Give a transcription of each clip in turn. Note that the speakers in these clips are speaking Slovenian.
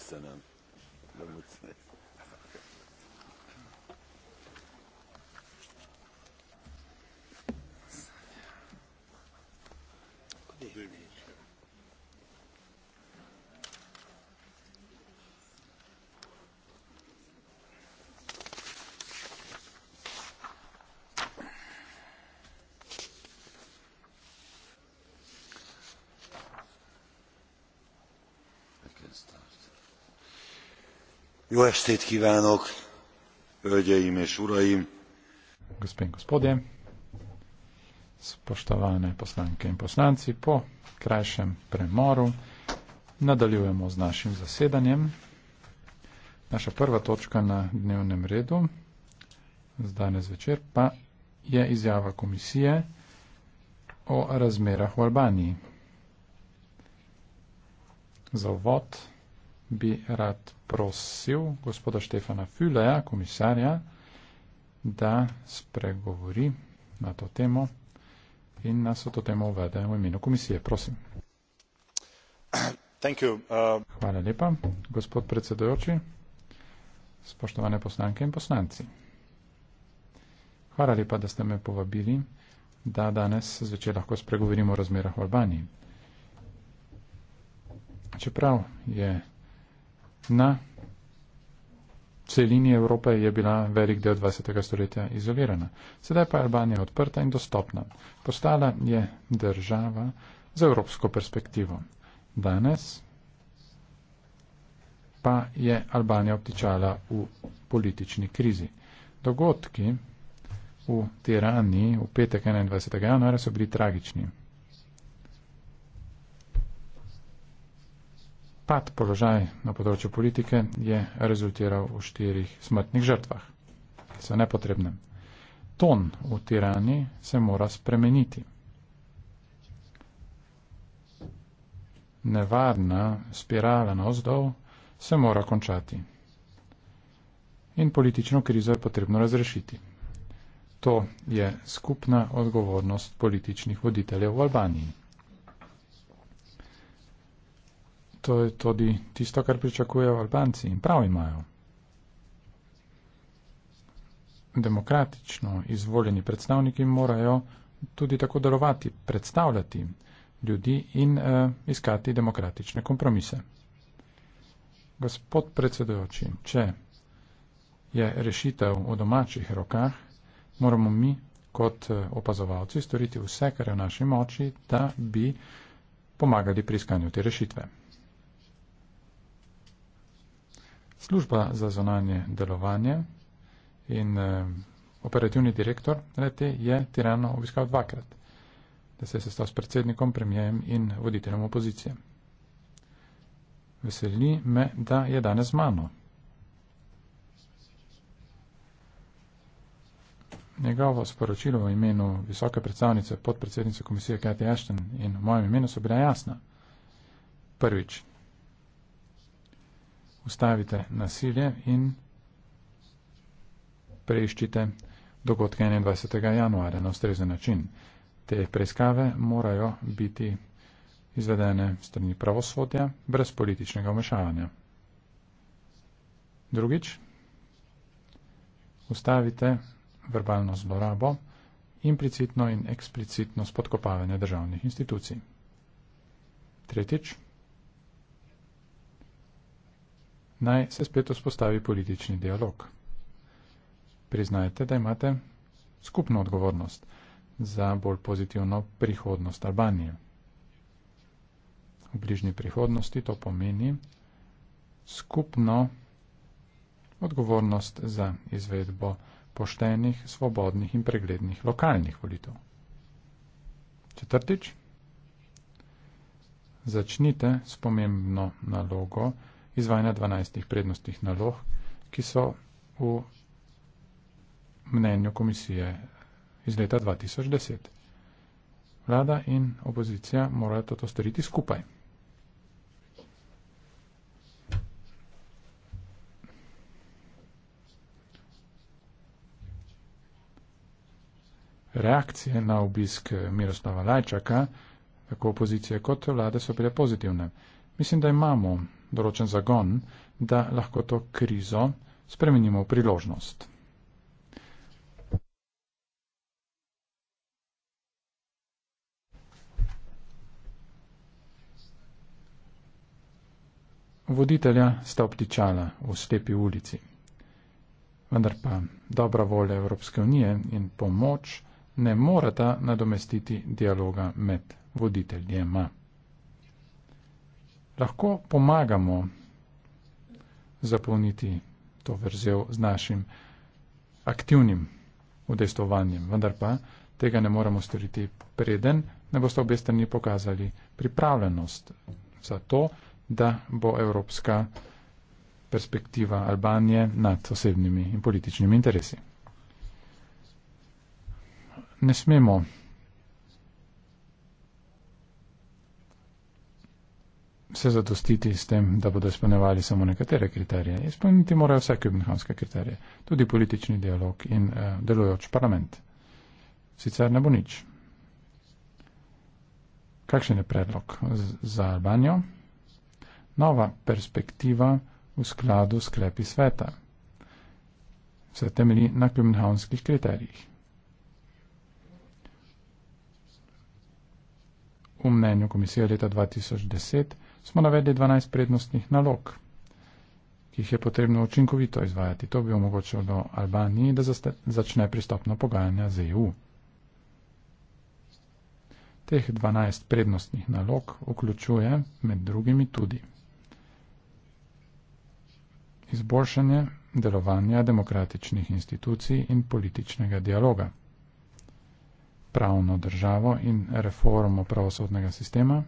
köszönöm. Jó estét kívánok, hölgyeim és uraim! Gospodin, gospodje, spoštovane poslanke in poslanci, po krajšem premoru nadaljujemo z našim zasedanjem. Naša prva točka na dnevnem redu z danes večer pa je izjava komisije o razmerah v Albaniji. Za vod bi rad prosil gospoda Štefana Füleja, komisarja, da spregovori na to temo in nas o to temo uvede v imenu komisije. Prosim. Thank you. Uh... Hvala lepa, gospod predsedojoči, spoštovane poslanke in poslanci. Hvala lepa, da ste me povabili, da danes zvečer lahko spregovorimo o razmerah v Albaniji. Čeprav je na celini Evrope je bila velik del 20. stoletja izolirana. Sedaj pa je Albanija odprta in dostopna. Postala je država z evropsko perspektivo. Danes pa je Albanija obtičala v politični krizi. Dogodki v Tirani v petek 21. januarja so bili tragični. pad položaj na področju politike je rezultiral v štirih smrtnih žrtvah. So nepotrebne. Ton v tirani se mora spremeniti. Nevarna spirala na vzdolj se mora končati. In politično krizo je potrebno razrešiti. To je skupna odgovornost političnih voditeljev v Albaniji. to je tudi tisto, kar pričakujejo Albanci in prav imajo. Demokratično izvoljeni predstavniki morajo tudi tako delovati, predstavljati ljudi in eh, iskati demokratične kompromise. Gospod predsedujoči, če je rešitev v domačih rokah, moramo mi kot eh, opazovalci storiti vse, kar je v naši moči, da bi pomagali pri iskanju te rešitve. služba za zonanje delovanje in eh, operativni direktor lete je Tirano obiskal dvakrat, da se je sestal s predsednikom, premijem in voditeljem opozicije. Veseli me, da je danes z mano. Njegovo sporočilo v imenu visoke predstavnice podpredsednice komisije Kati Ashton in v mojem imenu so bila jasna. Prvič, ustavite nasilje in preiščite dogodke 21. januarja na ustrezen način. Te preiskave morajo biti izvedene strani pravosodja brez političnega vmešavanja. Drugič, ustavite verbalno zlorabo, implicitno in eksplicitno spodkopavanje državnih institucij. Tretjič, naj se spet vzpostavi politični dialog. Priznajte, da imate skupno odgovornost za bolj pozitivno prihodnost Albanije. V bližnji prihodnosti to pomeni skupno odgovornost za izvedbo poštenih, svobodnih in preglednih lokalnih volitev. Četrtič, začnite s pomembno nalogo, izvajanja 12 prednostnih nalog, ki so v mnenju komisije iz leta 2010. Vlada in opozicija morajo to, to storiti skupaj. Reakcije na obisk Miroslava Lajčaka, tako opozicije kot vlade, so bile pozitivne mislim, da imamo določen zagon, da lahko to krizo spremenimo v priložnost. Voditelja sta obtičala v slepi ulici. Vendar pa dobra volja Evropske unije in pomoč ne morata nadomestiti dialoga med voditeljema lahko pomagamo zapolniti to vrzel z našim aktivnim udejstovanjem, vendar pa tega ne moramo storiti preden, ne boste obe strani pokazali pripravljenost za to, da bo evropska perspektiva Albanije nad osebnimi in političnimi interesi. Ne smemo se zadostiti s tem, da bodo izpolnjevali samo nekatere kriterije. Izpolniti morajo vse kubnihanske kriterije, tudi politični dialog in uh, delujoč parlament. Sicer ne bo nič. Kakšen je predlog za Albanijo? Nova perspektiva v skladu s sklepi sveta. Vse temelji na kubnihanskih kriterijih. V mnenju komisije leta 2010 smo navedli 12 prednostnih nalog, ki jih je potrebno učinkovito izvajati. To bi omogočilo Albaniji, da začne pristopno pogajanja z EU. Teh 12 prednostnih nalog vključuje med drugimi tudi izboljšanje delovanja demokratičnih institucij in političnega dialoga, pravno državo in reformo pravosodnega sistema,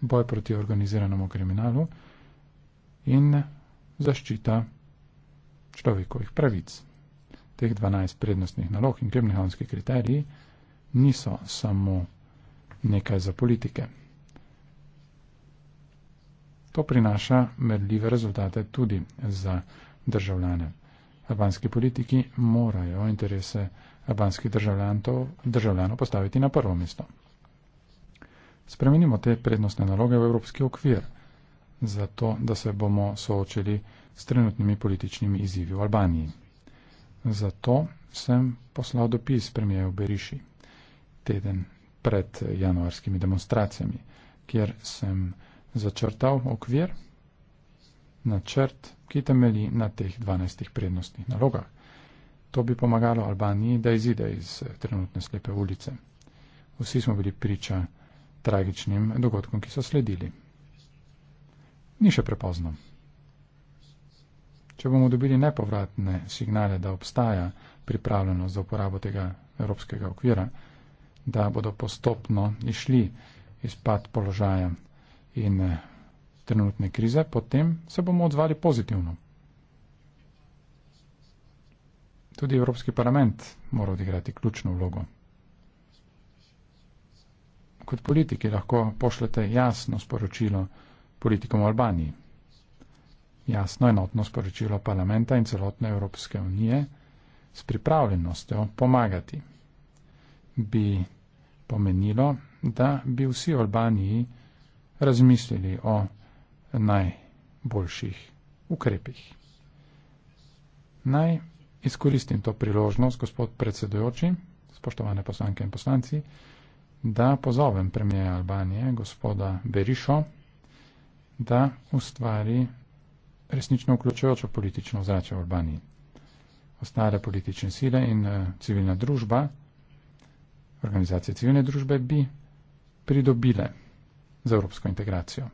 boj proti organiziranemu kriminalu in zaščita človekovih pravic. Teh 12 prednostnih nalog in kriminalski kriteriji niso samo nekaj za politike. To prinaša merljive rezultate tudi za državljane. Albanski politiki morajo interese albanskih državljanov postaviti na prvo mesto spremenimo te prednostne naloge v evropski okvir, zato da se bomo soočili s trenutnimi političnimi izzivi v Albaniji. Zato sem poslal dopis premijeju Beriši teden pred januarskimi demonstracijami, kjer sem začrtal okvir, načrt, ki temelji na teh 12 prednostnih nalogah. To bi pomagalo Albaniji, da izide iz trenutne slepe ulice. Vsi smo bili priča tragičnim dogodkom, ki so sledili. Ni še prepozno. Če bomo dobili nepovratne signale, da obstaja pripravljenost za uporabo tega evropskega okvira, da bodo postopno išli izpad položaja in eh, trenutne krize, potem se bomo odzvali pozitivno. Tudi Evropski parlament mora odigrati ključno vlogo kot politiki lahko pošljete jasno sporočilo politikom v Albaniji. Jasno enotno sporočilo parlamenta in celotne Evropske unije s pripravljenostjo pomagati bi pomenilo, da bi vsi v Albaniji razmislili o najboljših ukrepih. Naj izkoristim to priložnost, gospod predsedujoči, spoštovane poslanke in poslanci, da pozovem premijeja Albanije, gospoda Berišo, da ustvari resnično vključujočo politično zrače v Albaniji. Ostale politične sile in eh, civilna družba, organizacije civilne družbe bi pridobile za evropsko integracijo.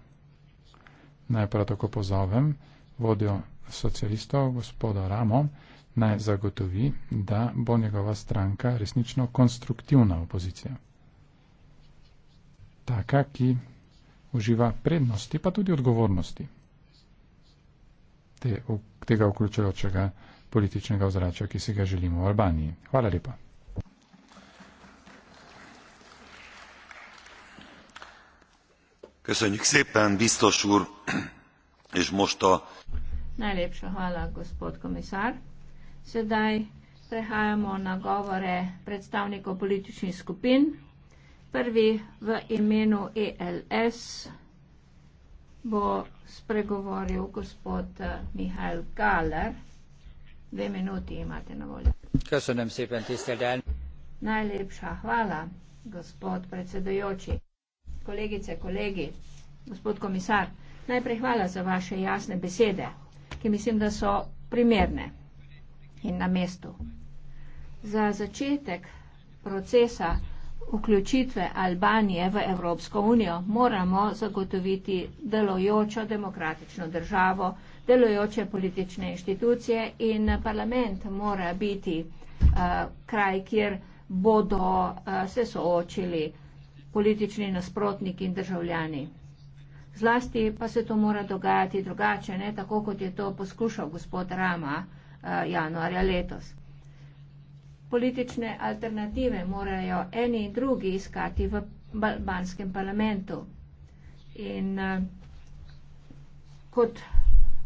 Najprej tako pozovem vodjo socialistov, gospoda Ramo, naj zagotovi, da bo njegova stranka resnično konstruktivna opozicija taka, ki uživa prednosti, pa tudi odgovornosti tega vključujočega političnega ozračja, ki si ga želimo v Albaniji. Hvala lepa. Köszönjük szépen, biztos úr, és most a... Najlepša hvala, gospod komisár. Sedaj prehajamo na govore predstavnikov političnih skupin. Prvi v imenu ELS bo spregovoril gospod eh, Mihajl Kaler. Dve minuti imate na voljo. Kasunem se, pentisteden. Najlepša hvala, gospod predsedujoči. Kolegice, kolegi, gospod komisar, najprej hvala za vaše jasne besede, ki mislim, da so primerne in na mestu. Za začetek procesa vključitve Albanije v Evropsko unijo moramo zagotoviti delojočo demokratično državo, delojoče politične inštitucije in parlament mora biti uh, kraj, kjer bodo uh, se soočili politični nasprotniki in državljani. Zlasti pa se to mora dogajati drugače, ne tako, kot je to poskušal gospod Rama uh, januarja letos. Politične alternative morajo eni in drugi iskati v albanskem parlamentu. In eh, kot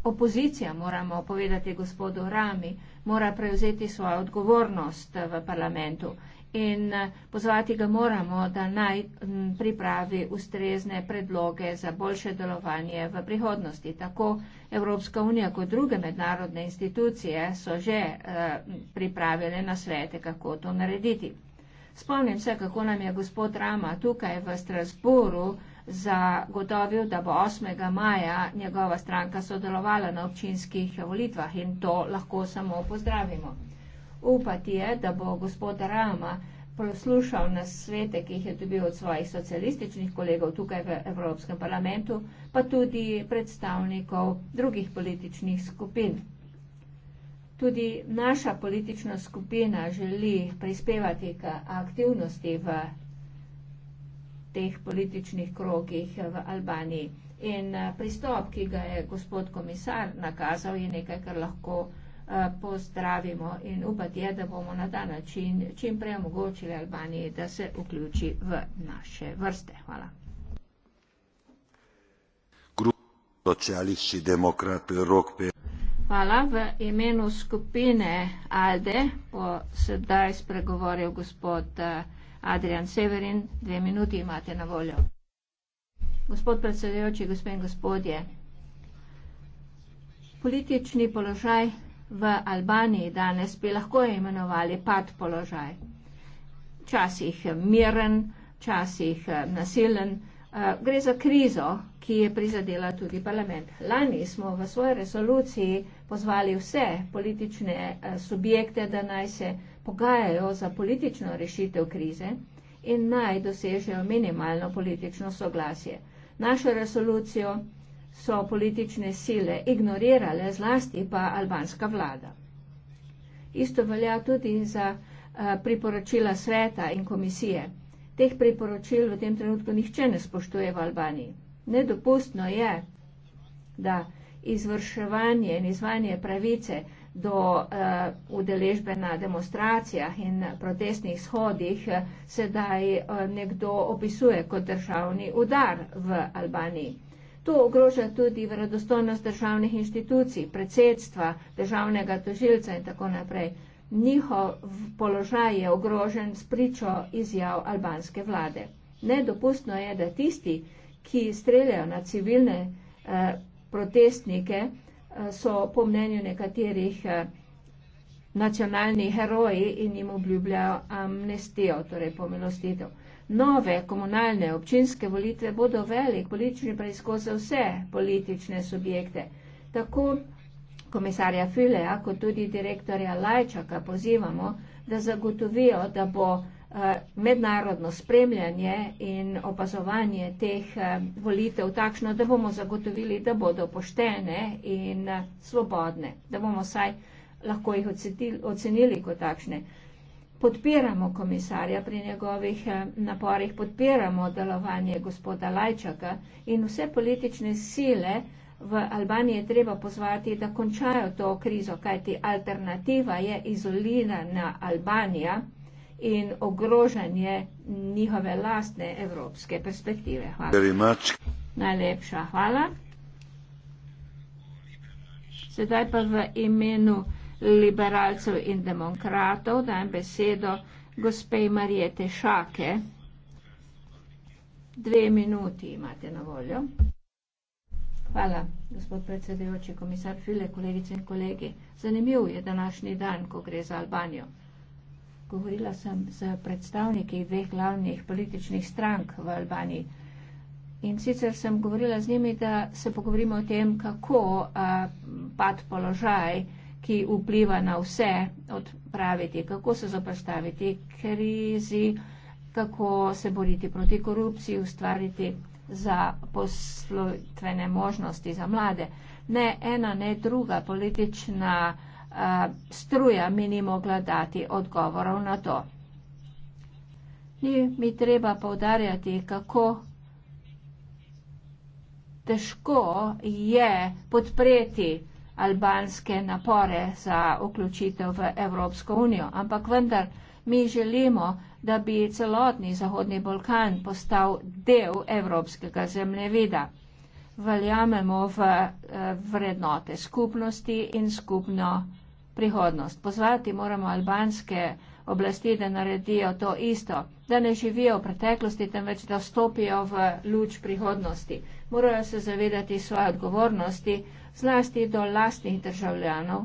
opozicija moramo povedati gospodu Rami, mora prevzeti svojo odgovornost eh, v parlamentu in eh, pozvati ga moramo, da naj pripravi ustrezne predloge za boljše delovanje v prihodnosti. Tako Evropska unija kot druge mednarodne institucije so že eh, pripravile nasvete, kako to narediti. Spomnim se, kako nam je gospod Rama tukaj v Strasburu zagotovil, da bo 8. maja njegova stranka sodelovala na občinskih volitvah in to lahko samo pozdravimo upati je, da bo gospod Rama poslušal na svete, ki jih je dobil od svojih socialističnih kolegov tukaj v Evropskem parlamentu, pa tudi predstavnikov drugih političnih skupin. Tudi naša politična skupina želi prispevati k aktivnosti v teh političnih krogih v Albaniji. In eh, pristop, ki ga je gospod komisar nakazal, je nekaj, kar lahko pozdravimo in upati je, da bomo na ta način čim prej omogočili Albaniji, da se vključi v naše vrste. Hvala. Hvala. V imenu skupine ALDE bo sedaj spregovoril gospod eh, Adrian Severin. Dve minuti imate na voljo. Gospod predsedujoči, gospe in gospodje, politični položaj v Albaniji danes bi lahko imenovali pad položaj. Včasih miren, včasih eh, nasilen. Eh, gre za krizo, ki je prizadela tudi parlament. Lani smo v svoji resoluciji pozvali vse politične eh, subjekte, da naj se pogajajo za politično rešitev krize in naj dosežejo minimalno politično soglasje. Našo resolucijo so politične sile ignorirale, zlasti pa albanska vlada. Isto velja tudi za eh, priporočila sveta in komisije. Teh priporočil v tem trenutku nihče ne spoštuje v Albaniji. Nedopustno je, da izvrševanje in izvanje pravice do uh, udeležbe na demonstracijah in protestnih shodih eh, sedaj uh, nekdo opisuje kot državni udar v Albaniji. To ogroža tudi verodostojnost državnih institucij, predsedstva, državnega tožilca in tako naprej. Njihov položaj je ogrožen s pričo izjav albanske vlade. Nedopustno je, da tisti, ki streljajo na civilne eh, protestnike, eh, so po mnenju nekaterih eh, nacionalni heroji in jim obljubljajo amnestijo, torej pomilostitev. Nove komunalne občinske volitve bodo velik politični preizkus za vse politične subjekte. Tako komisarja Fileja, kot tudi direktorja Lajčaka pozivamo, da zagotovijo, da bo eh, mednarodno spremljanje in opazovanje teh eh, volitev takšno, da bomo zagotovili, da bodo poštene in eh, svobodne, da bomo saj lahko jih ocenili kot takšne podpiramo komisarja pri njegovih eh, naporih, podpiramo delovanje gospoda Lajčaka in vse politične sile v Albaniji je treba pozvati, da končajo to krizo, kajti alternativa je izolirana Albanija in ogrožanje njihove lastne evropske perspektive. Hvala. Najlepša hvala. Sedaj pa v imenu liberalcev in demokratov. Dajem besedo gospej Marijete Šake. Dve minuti imate na voljo. Hvala, gospod predsedujoči, komisar File, kolegice in kolegi. Zanimiv je današnji dan, ko gre za Albanijo. Govorila sem z predstavniki dveh glavnih političnih strank v Albaniji. In sicer sem govorila z njimi, da se pogovorimo o tem, kako a, pad položaj a, ki vpliva na vse, odpraviti, kako se zapostaviti krizi, kako se boriti proti korupciji, ustvariti za poslovitvene možnosti za mlade. Ne ena, ne druga politična uh, struja mi ni mogla dati odgovorov na to. Ni mi treba povdarjati, kako težko je podpreti albanske napore za vključitev v Evropsko unijo. Ampak vendar mi želimo, da bi celotni Zahodni Balkan postal del evropskega zemljevida. Veljamemo v eh, vrednote skupnosti in skupno prihodnost. Pozvati moramo albanske oblasti, da naredijo to isto, da ne živijo v preteklosti, temveč da stopijo v luč prihodnosti. Morajo se zavedati svoje odgovornosti zlasti do lastnih državljanov,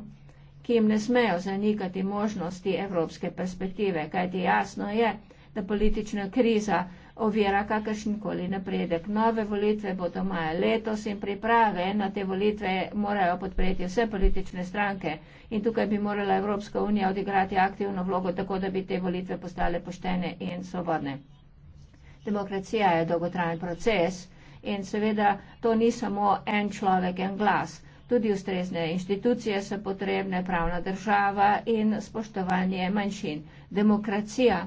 ki jim ne smejo zanikati možnosti evropske perspektive, kajti jasno je, da politična kriza ovira kakršnikoli napredek. Nove volitve bodo maja letos in priprave na te volitve morajo podpreti vse politične stranke in tukaj bi morala Evropska unija odigrati aktivno vlogo, tako da bi te volitve postale poštene in svobodne. Demokracija je dolgotrajen proces In seveda to ni samo en človek, en glas. Tudi ustrezne inštitucije so potrebne, pravna država in spoštovanje manjšin. Demokracija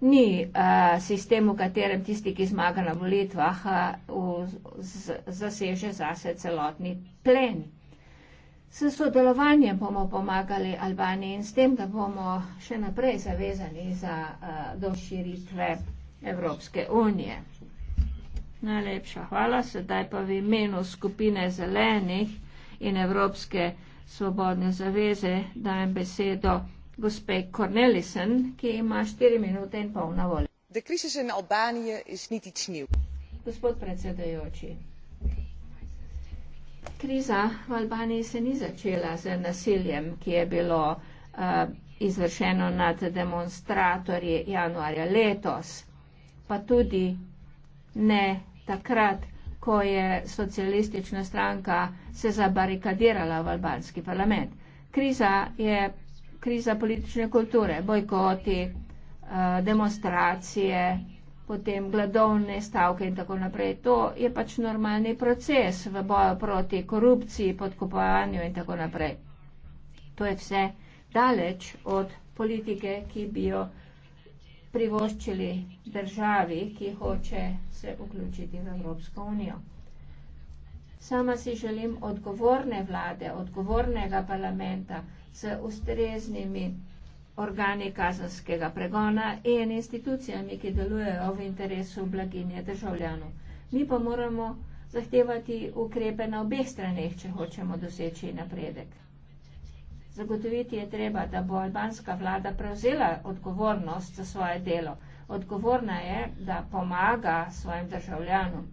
ni uh, sistem, v katerem tisti, ki zmaga na volitvah, eh, zaseže zase celotni plen. S sodelovanjem bomo pomagali Albaniji in s tem, da bomo še naprej zavezani za uh, eh, doširitve Evropske unije. Najlepša hvala. Sedaj pa v imenu skupine zelenih in Evropske svobodne zaveze dajem besedo gospe Cornelisen, ki ima 4 minute in pol na voljo. Gospod predsedajoči, kriza v Albaniji se ni začela z nasiljem, ki je bilo uh, izvršeno nad demonstratorji januarja letos, pa tudi ne takrat, ko je socialistična stranka se zabarikadirala v albanski parlament. Kriza je kriza politične kulture, bojkoti, eh, demonstracije, potem gladovne stavke in tako naprej. To je pač normalni proces v boju proti korupciji, podkupovanju in tako naprej. To je vse daleč od politike, ki bi jo privoščili državi, ki hoče se vključiti v Evropsko unijo. Sama si želim odgovorne vlade, odgovornega parlamenta z ustreznimi organi kazanskega pregona in institucijami, ki delujejo v interesu blaginje državljanov. Mi pa moramo zahtevati ukrepe na obeh straneh, če hočemo doseči napredek. Zagotoviti je treba, da bo albanska vlada prevzela odgovornost za svoje delo. Odgovorna je, da pomaga svojim državljanom.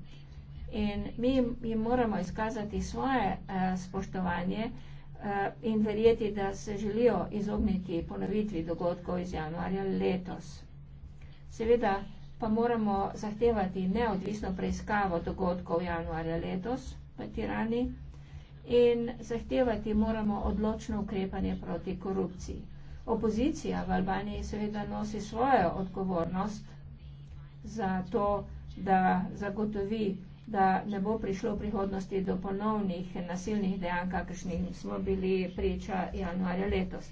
In mi jim moramo izkazati svoje eh, spoštovanje eh, in verjeti, da se želijo izogniti ponovitvi dogodkov iz januarja letos. Seveda pa moramo zahtevati neodvisno preiskavo dogodkov januarja letos v Tirani in zahtevati moramo odločno ukrepanje proti korupciji. Opozicija v Albaniji seveda nosi svojo odgovornost za to, da zagotovi, da ne bo prišlo v prihodnosti do ponovnih nasilnih dejanj, kakršnih smo bili priča januarja letos.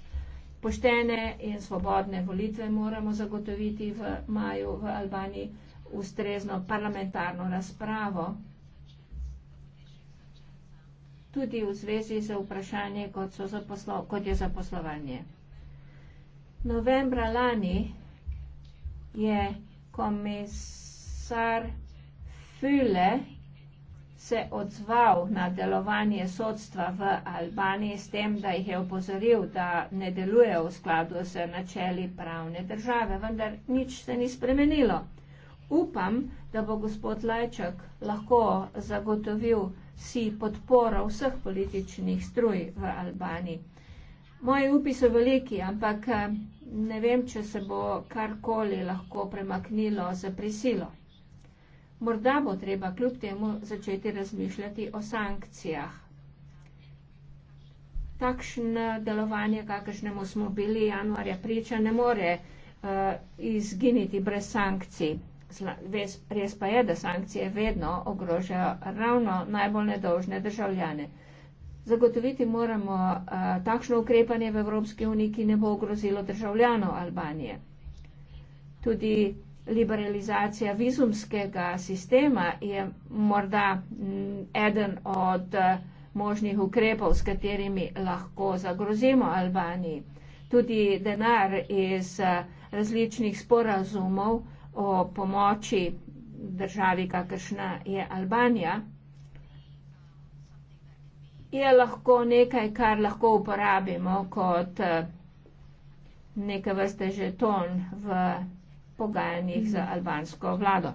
Poštene in svobodne volitve moramo zagotoviti v maju v Albaniji, ustrezno parlamentarno razpravo tudi v zvezi z vprašanje, kot, so zaposlo, kot je zaposlovanje. Novembra lani je komisar Füle se odzval na delovanje sodstva v Albaniji s tem, da jih je opozoril, da ne deluje v skladu z načeli pravne države, vendar nič se ni spremenilo. Upam, da bo gospod Lajčak lahko zagotovil, si podpora vseh političnih struj v Albaniji. Moji upi so veliki, ampak eh, ne vem, če se bo karkoli lahko premaknilo za prisilo. Morda bo treba kljub temu začeti razmišljati o sankcijah. Takšen delovanje, kakršnemu smo bili januarja priča, ne more uh, izginiti brez sankcij. Res pa je, da sankcije vedno ogrožajo ravno najbolj nedolžne državljane. Zagotoviti moramo uh, takšno ukrepanje v Evropski uniji, ki ne bo ogrozilo državljano Albanije. Tudi liberalizacija vizumskega sistema je morda eden od uh, možnih ukrepov, s katerimi lahko zagrozimo Albaniji. Tudi denar iz uh, različnih sporazumov uh, o pomoči državi, kakršna je Albanija, je lahko nekaj, kar lahko uporabimo kot eh, neke vrste žeton v pogajanjih z albansko vlado.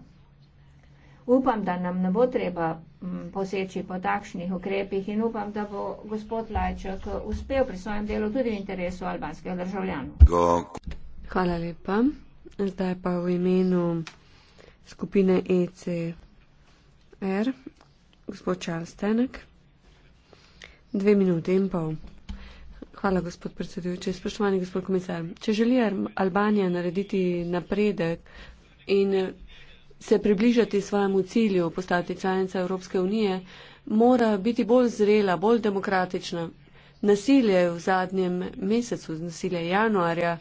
Upam, da nam ne bo treba mm, poseči po takšnih ukrepih in upam, da bo gospod Lajčak uspel pri svojem delu tudi v interesu albanskega državljana. Hvala lepa. Zdaj pa v imenu skupine ECR, gospod Charles Tenek. Dve minute in pol. Hvala, gospod predsedujoči. Spoštovani gospod komisar, če želi Albanija narediti napredek in se približati svojemu cilju postati članica Evropske unije, mora biti bolj zrela, bolj demokratična. Nasilje v zadnjem mesecu, nasilje januarja,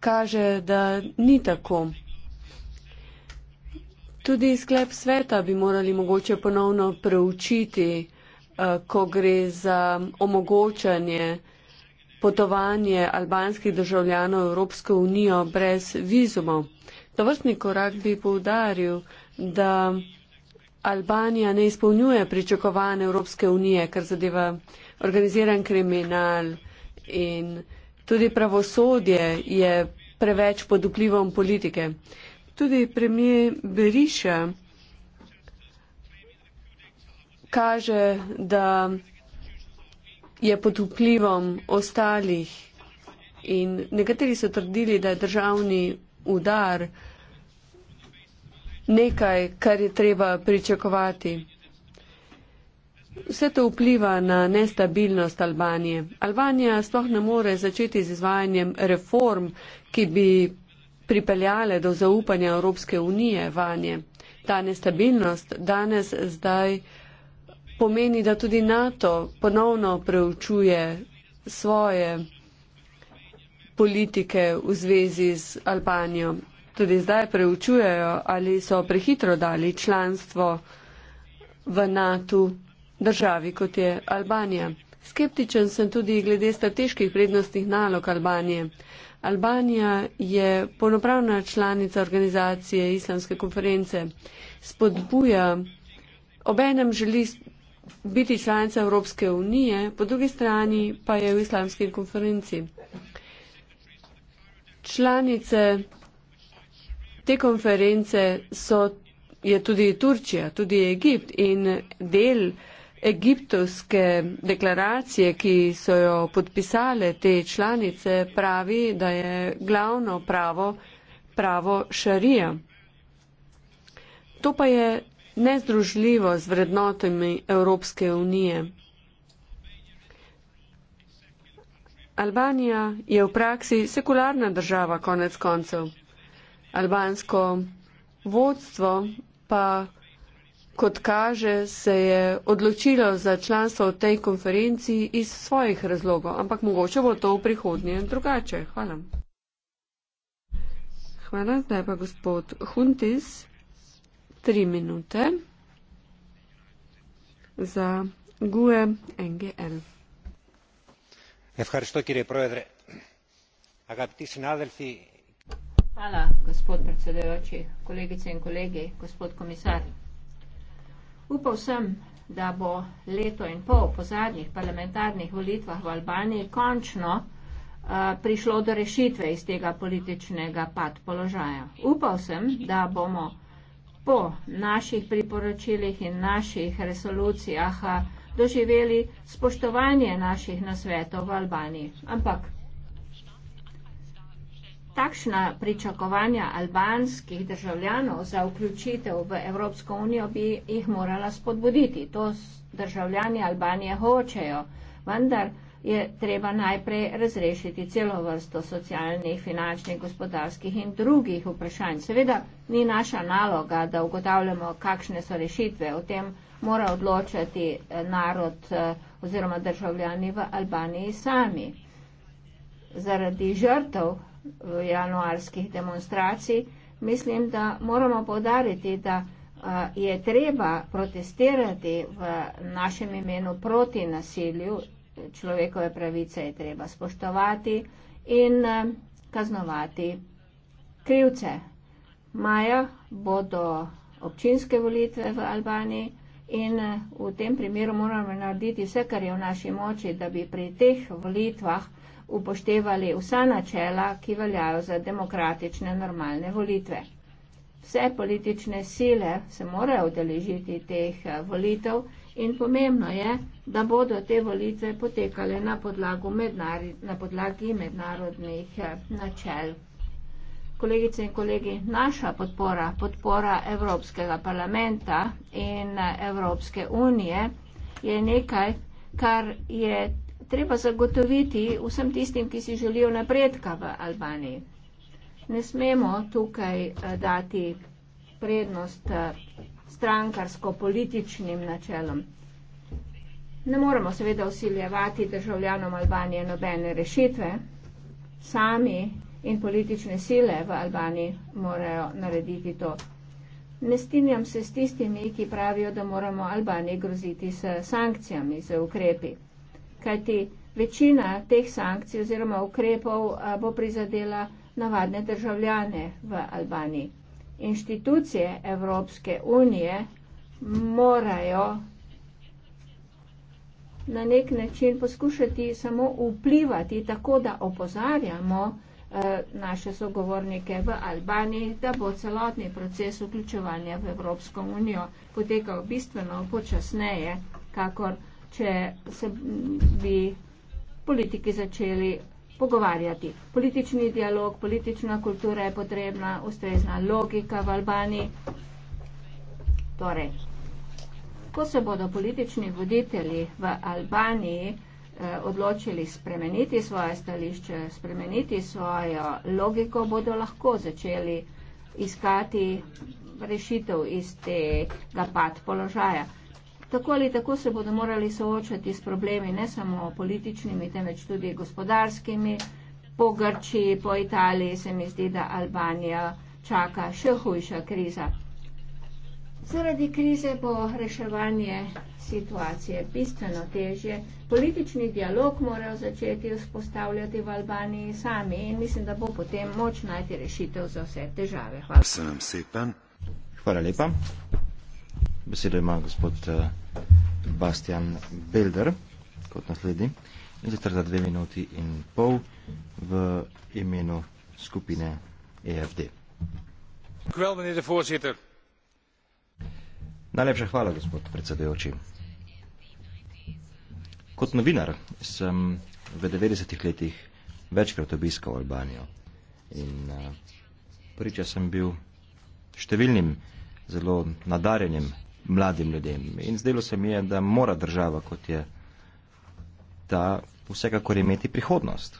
kaže, da ni tako. Tudi sklep sveta bi morali mogoče ponovno preučiti, eh, ko gre za omogočanje potovanje albanskih državljanov Evropsko unijo brez vizumov. To vrstni korak bi poudaril, da Albanija ne izpolnjuje pričakovanj Evropske unije, kar zadeva organiziran kriminal in Tudi pravosodje je preveč pod vplivom politike. Tudi premijer Beriša kaže, da je pod vplivom ostalih in nekateri so trdili, da je državni udar nekaj, kar je treba pričakovati. Vse to vpliva na nestabilnost Albanije. Albanija sploh ne more začeti z izvajanjem reform, ki bi pripeljale do zaupanja Evropske unije vanje. Ta nestabilnost danes zdaj pomeni, da tudi NATO ponovno preučuje svoje politike v zvezi z Albanijo. Tudi zdaj preučujejo, ali so prehitro dali članstvo v NATO državi, kot je Albanija. Skeptičen sem tudi glede strateških prednostnih nalog Albanije. Albanija je polnopravna članica organizacije islamske konference, spodbuja, obenem želi biti članica Evropske unije, po drugi strani pa je v islamski konferenci. Članice te konference so, je tudi Turčija, tudi Egipt in del Egiptovske deklaracije, ki so jo podpisale te članice, pravi, da je glavno pravo pravo šarija. To pa je nezdružljivo z vrednotami Evropske unije. Albanija je v praksi sekularna država konec koncev. Albansko vodstvo pa kot kaže, se je odločilo za članstvo v tej konferenci iz svojih razlogov, ampak mogoče bo to v prihodnje drugače. Hvala. Hvala, zdaj pa gospod Huntis, tri minute za GUE NGL. Hvala, gospod predsedujoči, kolegice in kolegi, gospod komisar. Upal sem, da bo leto in pol po zadnjih parlamentarnih volitvah v Albaniji končno uh, prišlo do rešitve iz tega političnega pad položaja. Upal sem, da bomo po naših priporočilih in naših resolucijah eh, doživeli spoštovanje naših nasvetov v Albaniji. Ampak takšna pričakovanja albanskih državljanov za vključitev v Evropsko unijo bi jih morala spodbuditi. To državljani Albanije hočejo, vendar je treba najprej razrešiti celo vrsto socialnih, finančnih, gospodarskih in drugih vprašanj. Seveda ni naša naloga, da ugotavljamo, kakšne so rešitve. O tem mora odločati eh, narod eh, oziroma državljani v Albaniji sami. Zaradi žrtev januarskih demonstracij, mislim, da moramo podariti, da je treba protestirati v našem imenu proti nasilju, človekove pravice je treba spoštovati in kaznovati krivce. Maja bodo občinske volitve v Albaniji in v tem primeru moramo narediti vse, kar je v naši moči, da bi pri teh volitvah upoštevali vsa načela, ki veljajo za demokratične normalne volitve. Vse politične sile se morajo udeležiti teh eh, volitev in pomembno je, da bodo te volitve potekale na, mednari, na podlagi mednarodnih eh, načel. Kolegice in kolegi, naša podpora, podpora Evropskega parlamenta in eh, Evropske unije je nekaj, kar je treba zagotoviti vsem tistim, ki si želijo napredka v Albaniji. Ne smemo tukaj eh, dati prednost eh, strankarsko-političnim načelom. Ne moramo seveda usiljevati državljanom Albanije nobene rešitve. Sami in politične sile v Albaniji morajo narediti to. Ne stinjam se s tistimi, ki pravijo, da moramo Albaniji groziti s sankcijami, z ukrepi kajti večina teh sankcij oziroma ukrepov eh, bo prizadela navadne državljane v Albaniji. Inštitucije Evropske unije morajo na nek način poskušati samo vplivati tako, da opozarjamo eh, naše sogovornike v Albaniji, da bo celotni proces vključevanja v Evropsko unijo potekal bistveno počasneje, kakor če se bi politiki začeli pogovarjati. Politični dialog, politična kultura je potrebna, ustrezna logika v Albaniji. Torej, ko se bodo politični voditelji v Albaniji eh, odločili spremeniti svoje stališče, spremeniti svojo logiko, bodo lahko začeli iskati rešitev iz tega pad položaja tako ali tako se bodo morali soočati s problemi, ne samo političnimi, temveč tudi gospodarskimi. Po Grčiji, po Italiji se mi zdi, da Albanija čaka še hujša kriza. Zaradi krize bo reševanje situacije bistveno težje. Politični dialog morajo začeti vzpostavljati v Albaniji sami in mislim, da bo potem moč najti rešitev za vse težave. Hvala. Hvala lepa. Besedo ima gospod eh, Bastian Belder kot naslednji in sicer za dve minuti in pol v imenu skupine EFD. Hvala, meni je voziter. Najlepša hvala, gospod predsedujoči. Kot novinar sem v 90-ih letih večkrat obiskal Albanijo in eh, priča sem bil številnim zelo nadarjenim mladim ljudem. In zdelo se mi je, da mora država, kot je ta, vsekakor imeti prihodnost.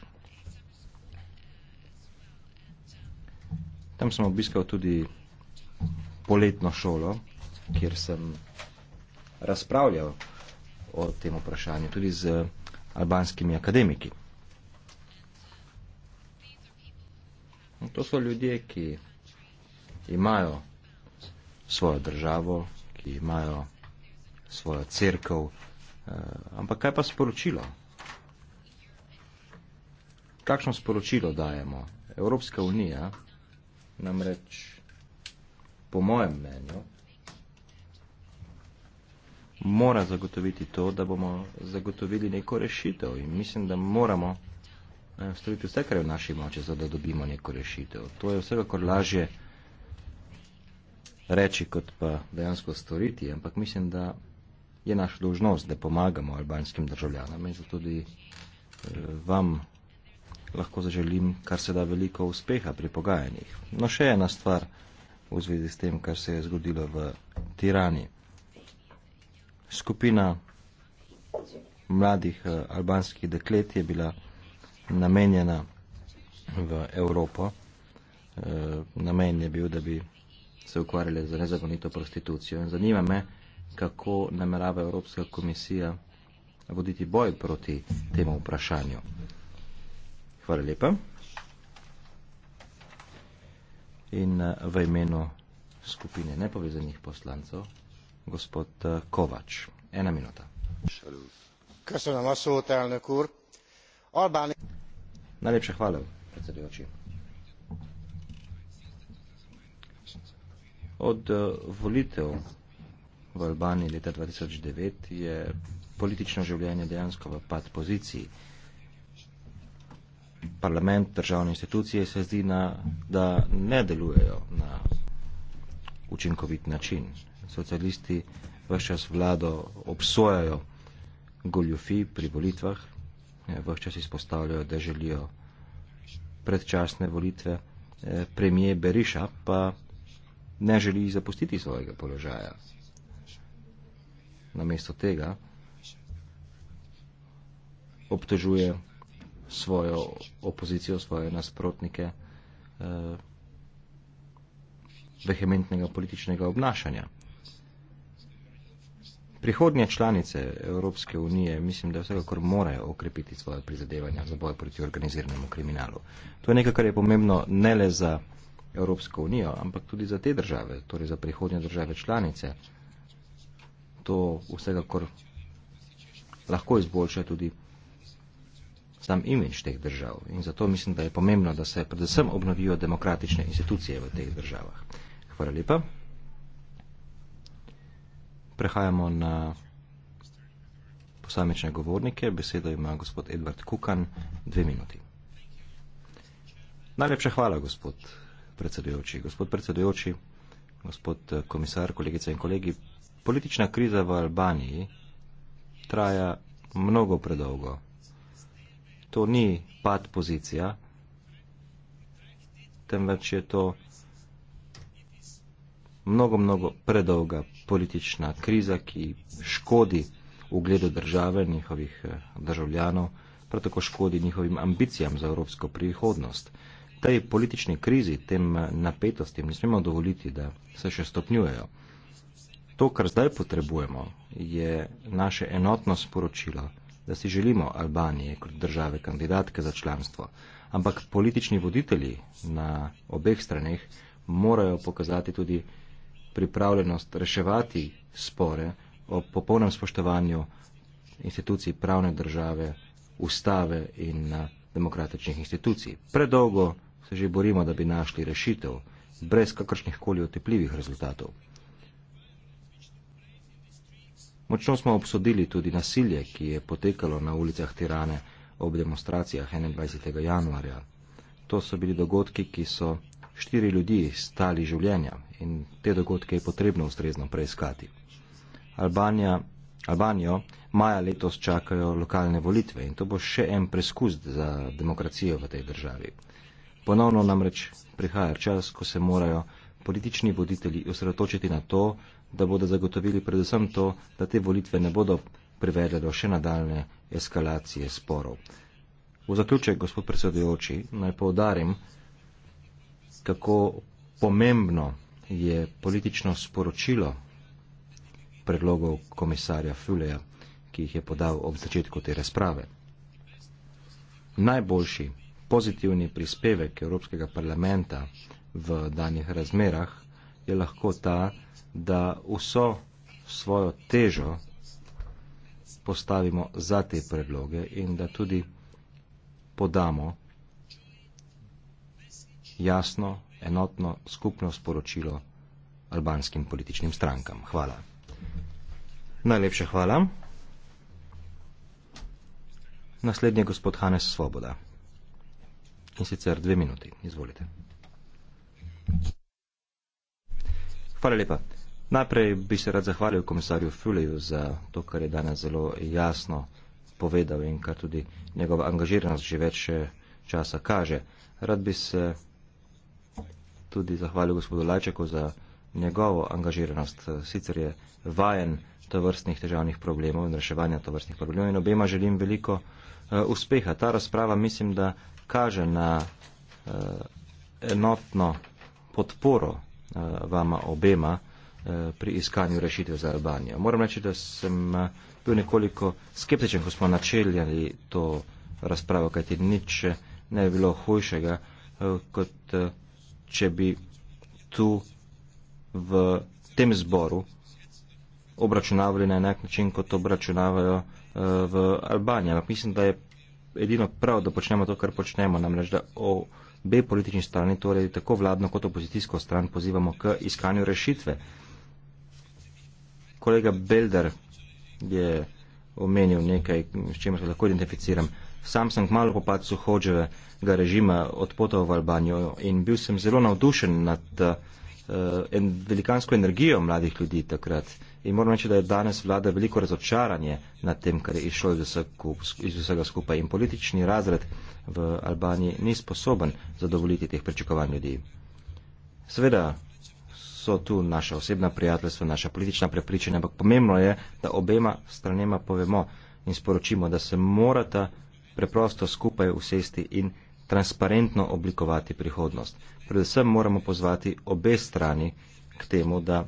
Tam sem obiskal tudi poletno šolo, kjer sem razpravljal o tem vprašanju tudi z albanskimi akademiki. In to so ljudje, ki imajo svojo državo, ki imajo svojo crkv. Eh, ampak kaj pa sporočilo? Kakšno sporočilo dajemo? Evropska unija namreč, po mojem mnenju, mora zagotoviti to, da bomo zagotovili neko rešitev in mislim, da moramo eh, storiti vse, kar je v naši moči, za da dobimo neko rešitev. To je vsekakor lažje reči, kot pa dejansko storiti, ampak mislim, da je naša dolžnost, da pomagamo albanskim državljanom in zato tudi eh, vam lahko zaželim kar se da veliko uspeha pri pogajanjih. No še ena stvar v zvezi s tem, kar se je zgodilo v Tirani. Skupina mladih eh, albanskih deklet je bila namenjena v Evropo. Eh, namen je bil, da bi se ukvarjali z nezakonito prostitucijo. In zanima me, kako namerava Evropska komisija voditi boj proti temu vprašanju. Hvala lepa. In eh, v imenu skupine nepovezanih poslancev, gospod eh, Kovač. Ena minuta. Köszönöm a szót, elnök úr. Albáni... Najlepše hvala, predsedujoči. Od eh, volitev v Albaniji leta 2009 je politično življenje dejansko v pad poziciji. Parlament, državne institucije se zdi, na, da ne delujejo na učinkovit način. Socialisti vse čas vlado obsojajo goljufi pri volitvah, eh, vse čas izpostavljajo, da želijo predčasne volitve. Eh, premije Beriša pa ne želi zapustiti svojega položaja. Namesto tega obtežuje svojo opozicijo, svoje nasprotnike eh, vehementnega političnega obnašanja. Prihodnje članice Evropske unije mislim, da vsekakor morajo okrepiti svoje prizadevanja za boj proti organiziranemu kriminalu. To je nekaj, kar je pomembno ne le za eh, Evropsko unijo, ampak tudi za te države, torej za prihodnje države članice. To vsega, kar lahko izboljša tudi sam imenj teh držav. In zato mislim, da je pomembno, da se predvsem obnovijo demokratične institucije v teh državah. Hvala lepa. Prehajamo na posamečne govornike. Besedo ima gospod Edward Kukan. Dve minuti. Najlepša hvala, gospod predsedujoči. Gospod predsedujoči, gospod eh, komisar, kolegice in kolegi, politična kriza v Albaniji traja mnogo predolgo. To ni pad pozicija, temveč je to mnogo, mnogo predolga politična kriza, ki škodi ugledu države, njihovih eh, državljanov, prav tako škodi njihovim ambicijam za evropsko prihodnost tej politični krizi, tem eh, napetostim, ne smemo dovoliti, da se še stopnjujejo. To, kar zdaj potrebujemo, je naše enotno sporočilo, da si želimo Albanije kot države kandidatke za članstvo, ampak politični voditelji na obeh straneh morajo pokazati tudi pripravljenost reševati spore o popolnem spoštovanju institucij pravne države, ustave in eh, demokratičnih institucij. Predolgo se že borimo, da bi našli rešitev, brez kakršnih koli otepljivih rezultatov. Močno smo obsodili tudi nasilje, ki je potekalo na ulicah Tirane ob demonstracijah 21. januarja. To so bili dogodki, ki so štiri ljudi stali življenja in te dogodke je potrebno ustrezno preiskati. Albanija, Albanijo maja letos čakajo lokalne volitve in to bo še en preskus za demokracijo v tej državi. Ponovno namreč prihaja čas, ko se morajo politični voditelji osredotočiti na to, da bodo zagotovili predvsem to, da te volitve ne bodo privedle do še nadaljne eskalacije sporov. V zaključek, gospod predsedujoči, naj povdarim, kako pomembno je politično sporočilo predlogov komisarja Füleja, ki jih je podal ob začetku te razprave. Najboljši pozitivni prispevek Evropskega parlamenta v danih razmerah je lahko ta, da vso svojo težo postavimo za te predloge in da tudi podamo jasno, enotno, skupno sporočilo albanskim političnim strankam. Hvala. Najlepša hvala. Naslednji je gospod Hanes Svoboda in sicer dve minuti. Izvolite. Hvala lepa. Najprej bi se rad zahvalil komisarju Fuleju za to, kar je danes zelo jasno povedal in kar tudi njegova angažiranost že več eh, časa kaže. Rad bi se tudi zahvalil gospodu Lajčeku za njegovo angažiranost. Sicer je vajen to vrstnih težavnih problemov in reševanja to vrstnih problemov in obema želim veliko eh, uspeha. Ta razprava mislim, da kaže na eh, enotno podporo eh, vama obema eh, pri iskanju rešitev za Albanijo. Moram reči, da sem bil nekoliko skeptičen, ko smo načeljali to razpravo, kajti nič ne bi bilo hujšega, kot če bi tu v tem zboru obračunavali na enak način, kot obračunavajo v Albaniji. Ampak mislim, da je edino prav, da počnemo to, kar počnemo, namreč da o B politični strani, torej tako vladno kot opozicijsko stran, pozivamo k iskanju rešitve. Kolega Belder je omenil nekaj, s čimer se lahko identificiram. Sam sem kmalo po padcu Hođeve ga režima odpotoval v Albanijo in bil sem zelo navdušen nad uh, uh, en, velikansko energijo mladih ljudi takrat. In moram reči, da je danes vlada veliko razočaranje nad tem, kar je išlo iz, vse, iz vsega skupaj. In politični razred v Albaniji ni sposoben zadovoljiti teh pričakovanj ljudi. Seveda so tu naša osebna prijateljstva, naša politična prepričanja, ampak pomembno je, da obema stranema povemo in sporočimo, da se morata preprosto skupaj usesti in transparentno oblikovati prihodnost. Predvsem moramo pozvati obe strani k temu, da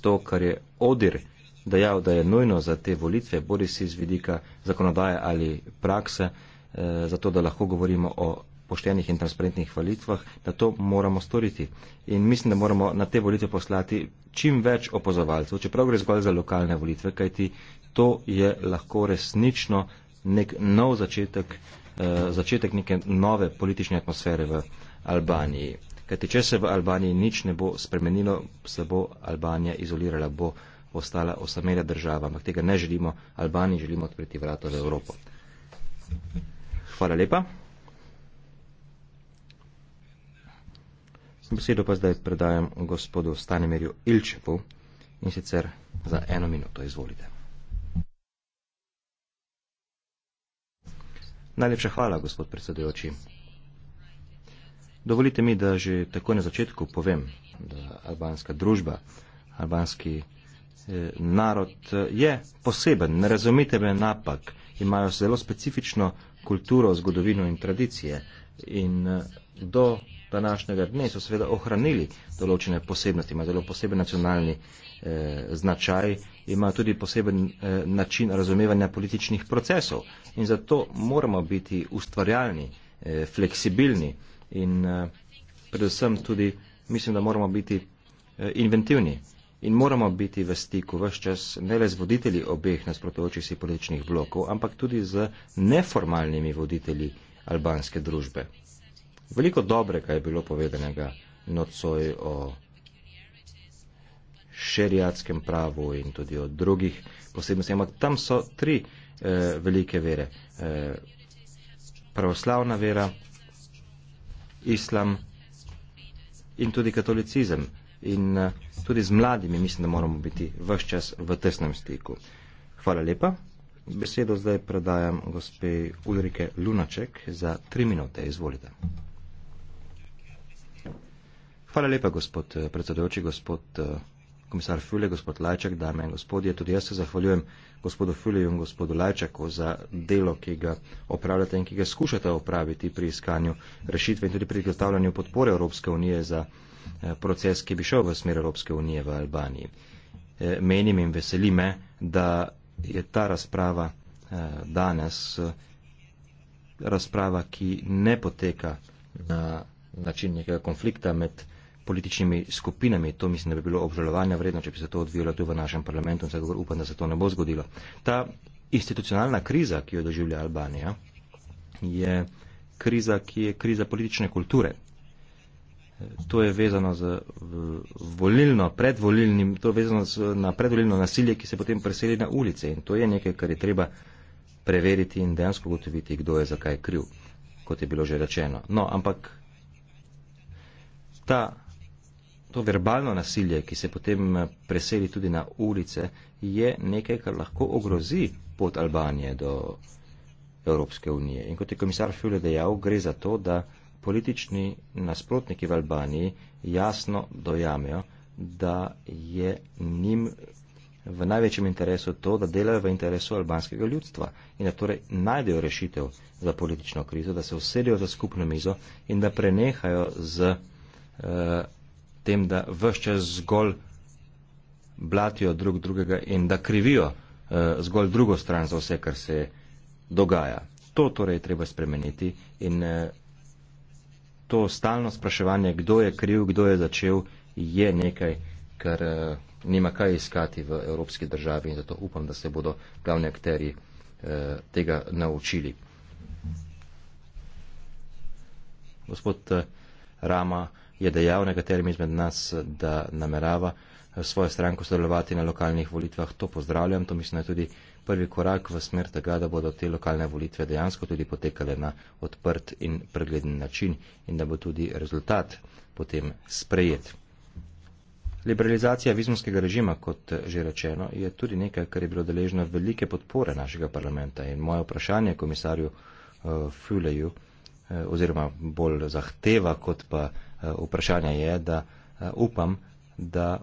to, kar je odir dejal, da je nujno za te volitve, bodi si z vidika zakonodaje ali prakse, eh, zato da lahko govorimo o poštenih in transparentnih volitvah, da to moramo storiti. In mislim, da moramo na te volitve poslati čim več opozovalcev, čeprav gre zgolj za lokalne volitve, kajti to je lahko resnično nek nov začetek Eh, začetek neke nove politične atmosfere v Albaniji. Kajti, če se v Albaniji nič ne bo spremenilo, se bo Albanija izolirala, bo ostala osamela država, ampak tega ne želimo. Albaniji želimo odpreti vrata v Evropo. Hvala lepa. Besedo pa zdaj predajam gospodu Stanimirju Ilčepu in sicer za eno minuto izvolite. Najlepša hvala, gospod predsedujoči. Dovolite mi, da že takoj na začetku povem, da albanska družba, albanski eh, narod eh, je poseben, ne razumite me napak, imajo zelo specifično kulturo, zgodovino in tradicije in eh, do današnjega dne so seveda ohranili določene posebnosti, imajo zelo poseben nacionalni eh, eh, značaj, imajo tudi poseben eh, način razumevanja političnih procesov in zato moramo biti ustvarjalni, eh, fleksibilni in eh, predvsem tudi mislim, da moramo biti eh, inventivni in moramo biti v stiku vse čas ne le z voditelji obeh nasprotujočih si političnih blokov, ampak tudi z neformalnimi voditelji albanske družbe. Veliko dobrega je bilo povedanega nocoj o šeriatskem pravu in tudi o drugih posebnostih. Ampak tam so tri eh, velike vere. Eh, pravoslavna vera, islam in tudi katolicizem. In eh, tudi z mladimi mislim, da moramo biti vse čas v tesnem stiku. Hvala lepa. Besedo zdaj predajam gospe Ulrike Lunaček za tri minute. Izvolite. Hvala lepa, gospod eh, predsedujoči, gospod eh, komisar Fule, gospod Lajček, dame in gospodje, tudi jaz se zahvaljujem gospodu Fuleju in gospodu Lajčaku za delo, ki ga opravljate in ki ga skušate opraviti pri iskanju rešitve in tudi pri zagotavljanju podpore Evropske unije za eh, proces, ki bi šel v smer Evropske unije v Albaniji. Eh, menim in veseli me, da je ta razprava eh, danes razprava, ki ne poteka na način nekega konflikta med političnimi skupinami. To mislim, da bi bilo obžalovanja vredno, če bi se to odvijalo tudi v našem parlamentu in zagovor upam, da se to ne bo zgodilo. Ta institucionalna kriza, ki jo doživlja Albanija, je kriza, ki je kriza politične kulture. To je vezano z volilno, predvolilnim, to je vezano z, na predvolilno nasilje, ki se potem preseli na ulice in to je nekaj, kar je treba preveriti in dejansko ugotoviti, kdo je zakaj kriv, kot je bilo že rečeno. No, ampak ta to verbalno nasilje, ki se potem eh, preseli tudi na ulice, je nekaj, kar lahko ogrozi pot Albanije do Evropske unije. In kot je komisar Fjule dejal, gre za to, da politični nasprotniki v Albaniji jasno dojamejo, da je njim v največjem interesu to, da delajo v interesu albanskega ljudstva in da torej najdejo rešitev za politično krizo, da se usedijo za skupno mizo in da prenehajo z uh, tem, da vse čas zgolj blatijo drug drugega in da krivijo uh, zgolj drugo stran za vse, kar se dogaja. To torej je treba spremeniti in uh, to stalno spraševanje, kdo je kriv, kdo je začel, je nekaj, kar uh, nima kaj iskati v evropski državi in zato upam, da se bodo glavni akteri uh, tega naučili. Gospod uh, Rama, uh, je dejal nekaterim izmed nas, da namerava eh, svojo stranko sodelovati na lokalnih volitvah. To pozdravljam, to mislim, da je tudi prvi korak v smer tega, da bodo te lokalne volitve dejansko tudi potekale na odprt in pregleden način in da bo tudi rezultat potem sprejet. Liberalizacija vizumskega režima, kot eh, že rečeno, je tudi nekaj, kar je bilo deležno velike podpore našega parlamenta. In moje vprašanje komisarju uh, Fuleju, uh, oziroma bolj zahteva kot pa uh, Eh, vprašanja je, da eh, upam, da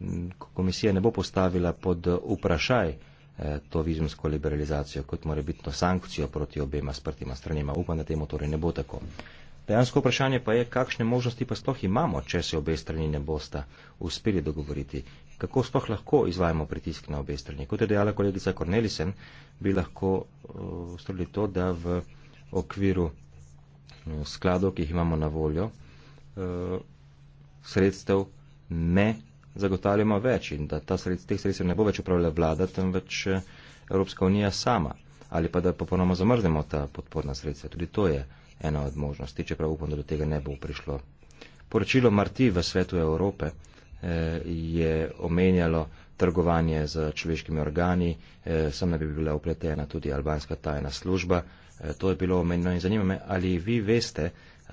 mm, komisija ne bo postavila pod eh, vprašaj to vizumsko liberalizacijo kot mora biti sankcijo proti obema sprtima stranima. Upam, da temu torej ne bo tako. Dejansko vprašanje pa je, kakšne možnosti pa sploh imamo, če se obe strani ne bosta uspeli dogovoriti. Kako sploh lahko izvajamo pritisk na obe strani? Kot je dejala kolegica Kornelisen, bi lahko ustvarili to, da v okviru mm, skladov, ki jih imamo na voljo, uh, sredstev ne zagotavljamo več in da ta sredst, teh sredstev ne bo več upravljala vlada, temveč eh, Evropska unija sama. Ali pa da popolnoma zamrznemo ta podporna sredstva. Tudi to je ena od možnosti, čeprav upam, da do tega ne bo prišlo. Poročilo Marti v svetu Evrope eh, je omenjalo trgovanje z človeškimi organi, eh, sem ne bi bila upletena tudi albanska tajna služba. Eh, to je bilo omenjeno in zanima me, ali vi veste, Eh,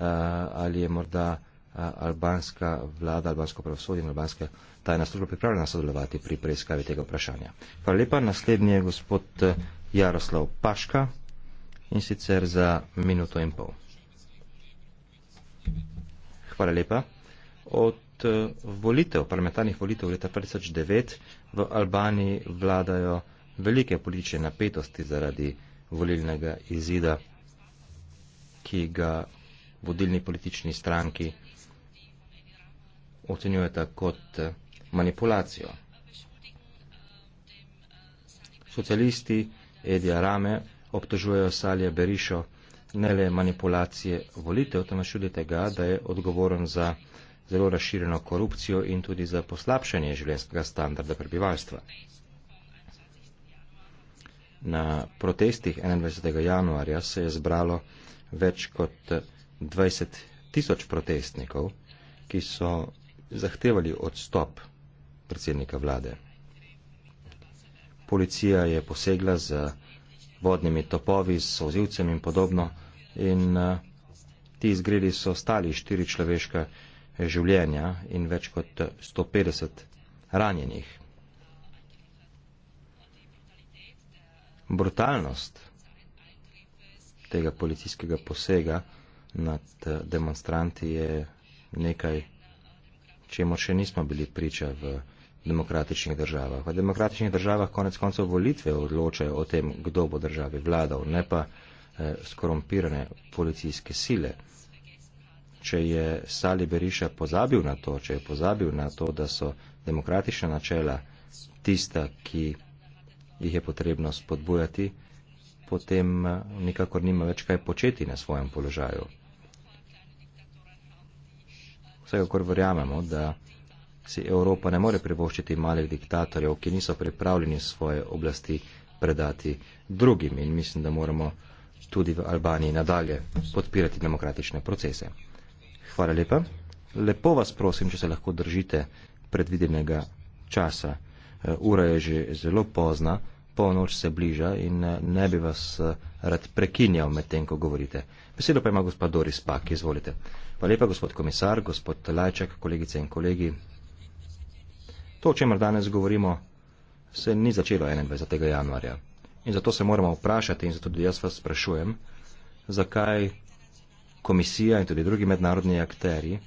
ali je morda eh, albanska vlada, albansko pravosodje in albanska tajna služba pripravljena sodelovati pri preiskavi tega vprašanja. Hvala lepa. Naslednji je gospod eh, Jaroslav Paška in sicer za minuto in pol. Hvala lepa. Od volitev, parlamentarnih volitev leta 2009 v Albaniji vladajo velike politične napetosti zaradi volilnega izida, ki ga vodilni politični stranki ocenjujeta kot eh, manipulacijo. Socialisti Edija Rame obtožujejo Salija Berišo ne le manipulacije volitev, temveč tudi tega, da je odgovoren za zelo razširjeno korupcijo in tudi za poslabšanje življenjskega standarda prebivalstva. Na protestih 21. januarja se je zbralo več kot 20 tisoč protestnikov, ki so zahtevali odstop predsednika vlade. Policija je posegla z vodnimi topovi, s sozivcem in podobno in eh, ti izgredi so stali štiri človeška življenja in več kot 150 ranjenih. Brutalnost tega policijskega posega nad eh, demonstranti je nekaj, čemu še nismo bili priča v demokratičnih državah. V demokratičnih državah konec koncev volitve odločajo o tem, kdo bo državi vladal, ne pa eh, skorumpirane policijske sile. Če je Sali Beriša pozabil na to, če je pozabil na to, da so demokratična načela tista, ki jih je potrebno spodbujati, potem eh, nikakor nima več kaj početi na svojem položaju. Vsekakor verjamemo, da si Evropa ne more privoščiti malih diktatorjev, ki niso pripravljeni svoje oblasti predati drugim in mislim, da moramo tudi v Albaniji nadalje podpirati demokratične procese. Hvala lepa. Lepo vas prosim, če se lahko držite predvidenega časa. Eh, ura je že zelo pozna polnoč se bliža in eh, ne bi vas eh, rad prekinjal med tem, ko govorite. Besedo pa ima gospod Doris Pak, izvolite. Pa lepa gospod komisar, gospod Lajček, kolegice in kolegi. To, o čemer danes govorimo, se ni začelo 21. januarja. In zato se moramo vprašati in zato tudi jaz vas sprašujem, zakaj komisija in tudi drugi mednarodni akteri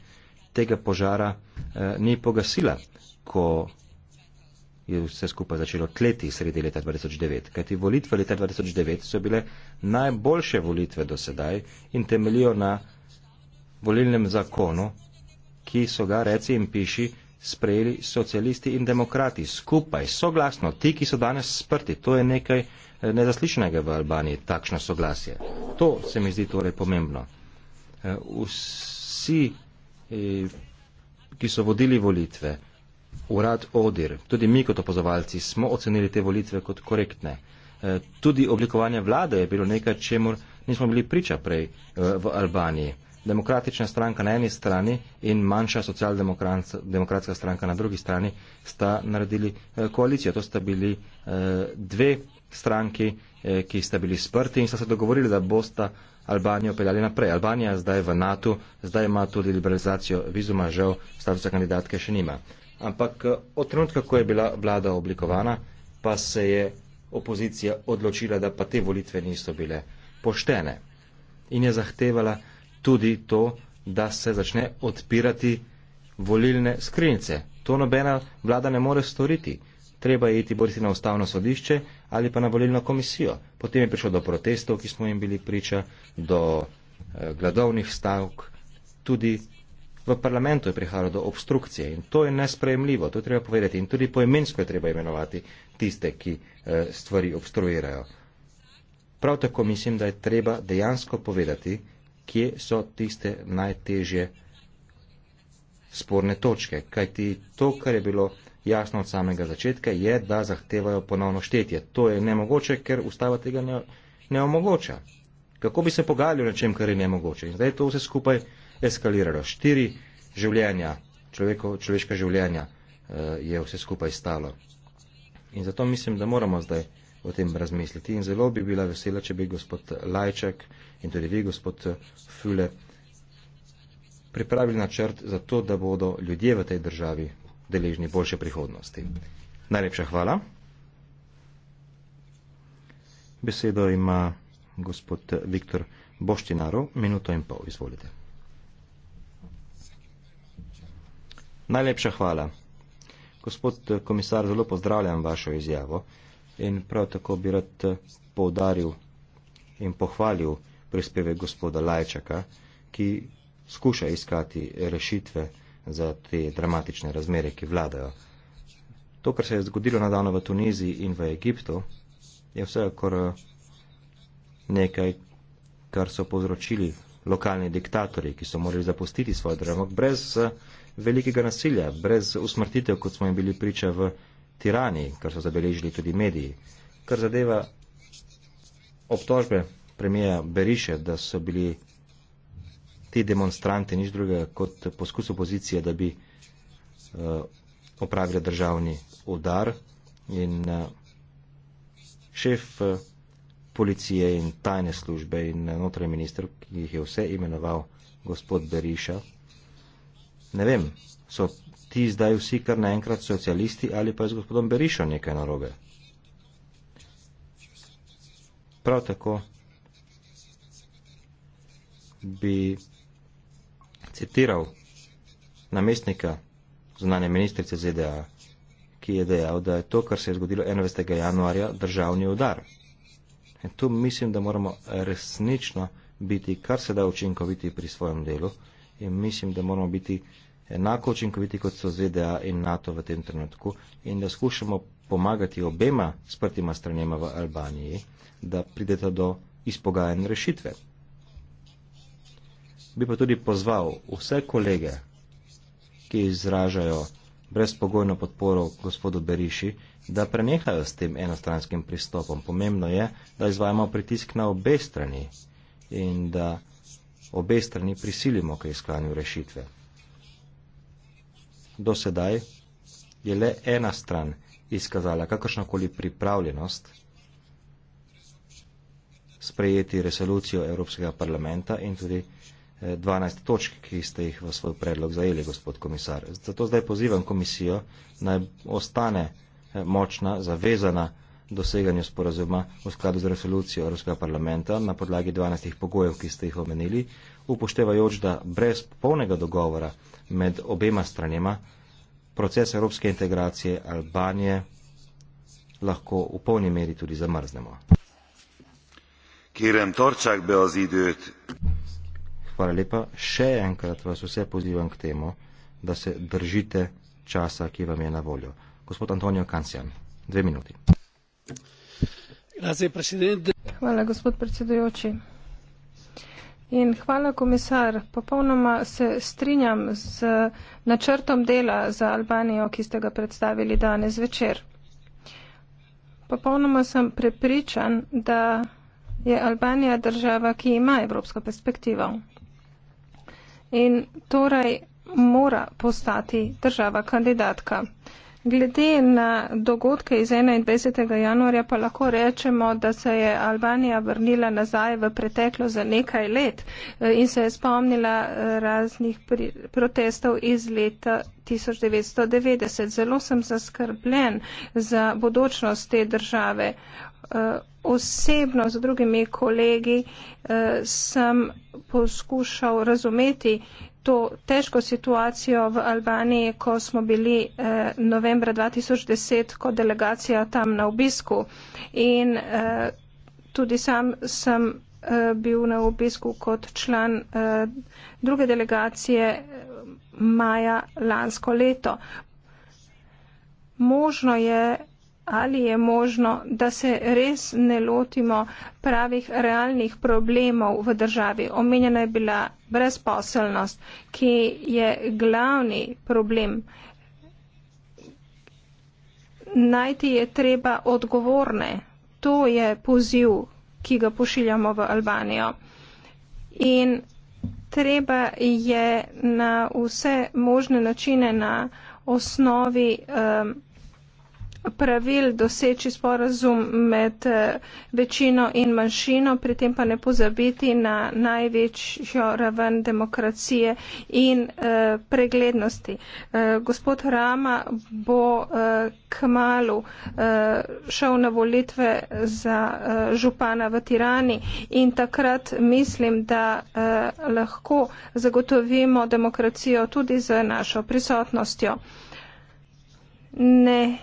tega požara eh, ni pogasila, ko je vse skupaj začelo tleti sredi leta 2009. Kajti volitve leta 2009 so bile najboljše volitve do sedaj in temeljijo na volilnem zakonu, ki so ga, reci in piši, sprejeli socialisti in demokrati skupaj, soglasno, ti, ki so danes sprti. To je nekaj eh, nezaslišnega v Albaniji, takšno soglasje. To se mi zdi torej pomembno. Eh, vsi, eh, ki so vodili volitve, Urad Odir, tudi mi kot opozovalci smo ocenili te volitve kot korektne. E, tudi oblikovanje vlade je bilo nekaj, čemu nismo bili priča prej e, v Albaniji. Demokratična stranka na eni strani in manjša socialdemokratska stranka na drugi strani sta naredili e, koalicijo. To sta bili dve stranki, ki sta bili sprti in sta se dogovorili, da bosta Albanijo peljali naprej. Albanija zdaj v NATO, zdaj ima tudi liberalizacijo vizuma, žal statusa kandidatke še nima ampak eh, od trenutka, ko je bila vlada oblikovana, pa se je opozicija odločila, da pa te volitve niso bile poštene in je zahtevala tudi to, da se začne odpirati volilne skrinjice. To nobena vlada ne more storiti. Treba je iti bodi si na ustavno sodišče ali pa na volilno komisijo. Potem je prišlo do protestov, ki smo jim bili priča, do eh, gladovnih stavk, tudi v parlamentu je prihajalo do obstrukcije in to je nesprejemljivo, to je treba povedati in tudi poimensko je treba imenovati tiste, ki eh, stvari obstruirajo. Prav tako mislim, da je treba dejansko povedati, kje so tiste najtežje sporne točke, kajti to, kar je bilo jasno od samega začetka, je, da zahtevajo ponovno štetje. To je nemogoče, ker ustava tega ne, ne omogoča. Kako bi se pogajali o nečem, kar je nemogoče? In zdaj to vse skupaj eskaliralo. Štiri življenja, človeko, človeška življenja uh, je vse skupaj stalo. In zato mislim, da moramo zdaj o tem razmisliti. In zelo bi bila vesela, če bi gospod Lajček in tudi vi, gospod Füle, pripravili načrt za to, da bodo ljudje v tej državi deležni boljše prihodnosti. Najlepša hvala. Besedo ima gospod Viktor Boštinaro, minuto in pol, izvolite. Najlepša hvala. Gospod eh, komisar, zelo pozdravljam vašo izjavo in prav tako bi rad eh, poudaril in pohvalil prispevek gospoda Lajčaka, ki skuša iskati rešitve za te dramatične razmere, ki vladajo. To, kar se je zgodilo nadaljno v Tuniziji in v Egiptu, je vsekakor eh, nekaj, kar so povzročili lokalni diktatorji, ki so morali zapustiti svoj državo brez velikega nasilja, brez usmrtitev, kot smo jim bili priča v tirani, kar so zabeležili tudi mediji. Kar zadeva obtožbe premija Beriše, da so bili ti demonstranti nič drugega kot poskus opozicije, da bi uh, eh, opravili državni udar in uh, šef uh, policije in tajne službe in notranji minister, ki jih je vse imenoval gospod Beriša, ne vem, so ti zdaj vsi kar naenkrat socialisti ali pa je z gospodom Berišo nekaj narobe. Prav tako bi citiral namestnika znane ministrice ZDA, ki je dejal, da je to, kar se je zgodilo 11. januarja, državni udar. In tu mislim, da moramo resnično biti kar se da učinkoviti pri svojem delu in mislim, da moramo biti enako učinkoviti, kot so ZDA in NATO v tem trenutku in da skušamo pomagati obema sprtima stranjema v Albaniji, da prideta do izpogajanj rešitve. Bi pa tudi pozval vse kolege, ki izražajo brezpogojno podporo gospodu Beriši, da prenehajo s tem enostranskim pristopom. Pomembno je, da izvajamo pritisk na obe strani in da obe strani prisilimo k iskanju rešitve. Do sedaj je le ena stran izkazala kakršnakoli pripravljenost sprejeti resolucijo Evropskega parlamenta in tudi 12 eh, točk, ki ste jih v svoj predlog zajeli, gospod komisar. Zato zdaj pozivam komisijo, naj ostane eh, močna, zavezana doseganju sporazuma v skladu z resolucijo Evropskega parlamenta na podlagi 12 pogojev, ki ste jih omenili, upoštevajoč, da brez polnega dogovora med obema stranima proces evropske integracije Albanije lahko v polni meri tudi zamrznemo. Kirem Torčak bi ozidujet. Hvala lepa. Še enkrat vas vse pozivam k temu, da se držite časa, ki vam je na voljo. Gospod Antonijo Kancijan, dve minuti. Hvala, gospod predsedujoči. In hvala, komisar. Popolnoma se strinjam z načrtom dela za Albanijo, ki ste ga predstavili danes večer. Popolnoma sem prepričan, da je Albanija država, ki ima evropsko perspektivo. In torej mora postati država kandidatka. Glede na dogodke iz 21. januarja pa lahko rečemo, da se je Albanija vrnila nazaj v preteklo za nekaj let eh, in se je spomnila eh, raznih pri, protestov iz leta 1990. Zelo sem zaskrbljen za bodočnost te države. Eh, osebno z drugimi kolegi sem poskušal razumeti to težko situacijo v Albaniji, ko smo bili eh, novembra 2010 kot delegacija tam na obisku. In eh, tudi sam sem eh, bil na obisku kot član eh, druge delegacije eh, maja lansko leto. Možno je ali je možno, da se res ne lotimo pravih realnih problemov v državi. Omenjena je bila brezposelnost, ki je glavni problem. Najti je treba odgovorne. To je poziv, ki ga pošiljamo v Albanijo. In treba je na vse možne načine na osnovi um, pravil doseči sporazum med eh, večino in manjšino, pri tem pa ne pozabiti na največjo raven demokracije in eh, preglednosti. Eh, gospod Rama bo k malu šel na volitve za župana v Tirani in takrat mislim, da lahko zagotovimo demokracijo tudi z našo prisotnostjo. Ne.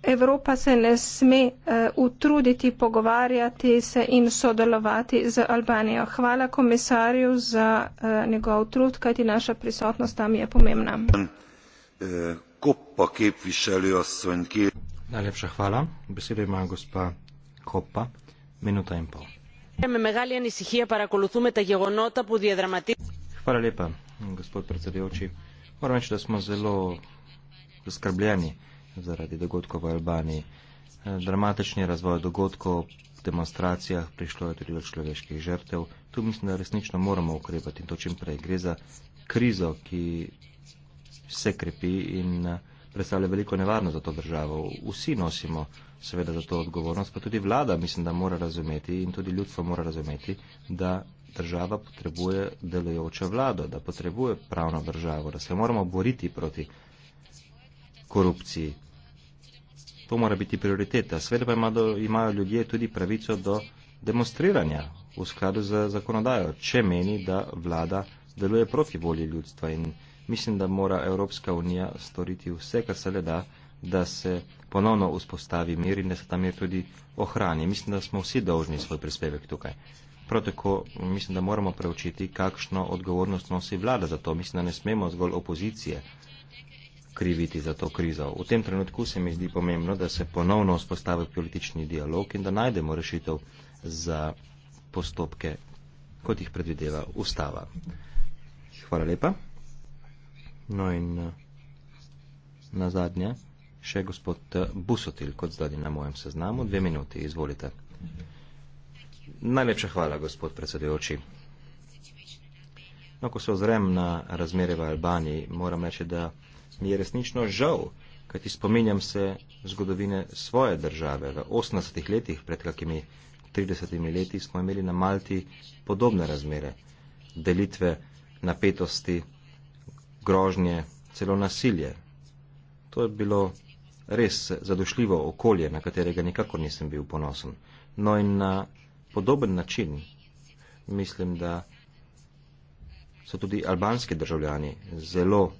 Evropa se ne sme uh, utruditi, pogovarjati se in sodelovati z Albanijo. Hvala komisarju za uh, njegov trud, kajti naša prisotnost tam je pomembna. Kopa, Najlepša hvala. Besedo ima gospa Kopa. Minuta in pol. Hvala lepa, gospod predsedujoči. Moram reči, da smo zelo zaskrbljeni zaradi dogodkov v Albaniji. Eh, dramatični razvoj dogodkov v demonstracijah prišlo je tudi do človeških žrtev. Tu mislim, da resnično moramo ukrepati in to čim prej. Gre za krizo, ki se krepi in eh, predstavlja veliko nevarnost za to državo. Vsi nosimo seveda za to odgovornost, pa tudi vlada mislim, da mora razumeti in tudi ljudstvo mora razumeti, da država potrebuje delujočo vlado, da potrebuje pravno državo, da se moramo boriti proti korupciji, To mora biti prioriteta. Sveda pa imajo, imajo ljudje tudi pravico do demonstriranja v skladu z zakonodajo, če meni, da vlada deluje proti volji ljudstva. In mislim, da mora Evropska unija storiti vse, kar se le da, da se ponovno vzpostavi mir in da se ta mir tudi ohrani. Mislim, da smo vsi dolžni svoj prispevek tukaj. Prav tako mislim, da moramo preučiti, kakšno odgovornost nosi vlada za to. Mislim, da ne smemo zgolj opozicije kriviti za to krizo. V tem trenutku se mi zdi pomembno, da se ponovno vzpostavi politični dialog in da najdemo rešitev za postopke, kot jih predvideva ustava. Hvala lepa. No in na zadnje še gospod Busotil, kot zdaj na mojem seznamu. Dve minuti, izvolite. Najlepša hvala, gospod predsedujoči. No, ko se ozrem na razmere v Albaniji, moram reči, da mi je resnično žal, kajti spominjam se zgodovine svoje države. V 80-ih letih, pred kakimi 30 leti, smo imeli na Malti podobne razmere. Delitve, napetosti, grožnje, celo nasilje. To je bilo res zadušljivo okolje, na katerega nikakor nisem bil ponosen. No in na podoben način mislim, da so tudi albanski državljani zelo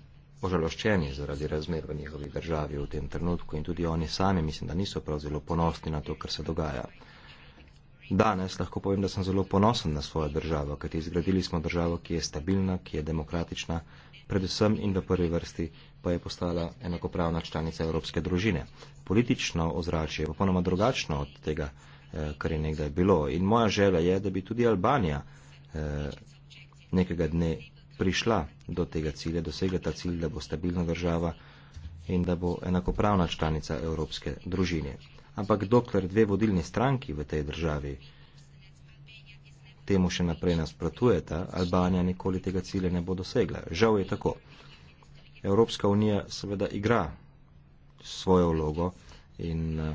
ožaloščeni zaradi razmer v njihovi državi v tem trenutku in tudi oni sami mislim, da niso prav zelo ponosni na to, kar se dogaja. Danes lahko povem, da sem zelo ponosen na svojo državo, kajti izgradili smo državo, ki je stabilna, ki je demokratična, predvsem in v prvi vrsti pa je postala enakopravna članica evropske družine. Politično ozračje je popolnoma drugačno od tega, eh, kar je nekdaj bilo. In moja želja je, da bi tudi Albanija eh, nekega dne prišla do tega cilja, dosegla ta cilj, da bo stabilna država in da bo enakopravna članica evropske družine. Ampak dokler dve vodilni stranki v tej državi temu še naprej nasprotujeta, Albanija nikoli tega cilja ne bo dosegla. Žal je tako. Evropska unija seveda igra svojo vlogo in eh,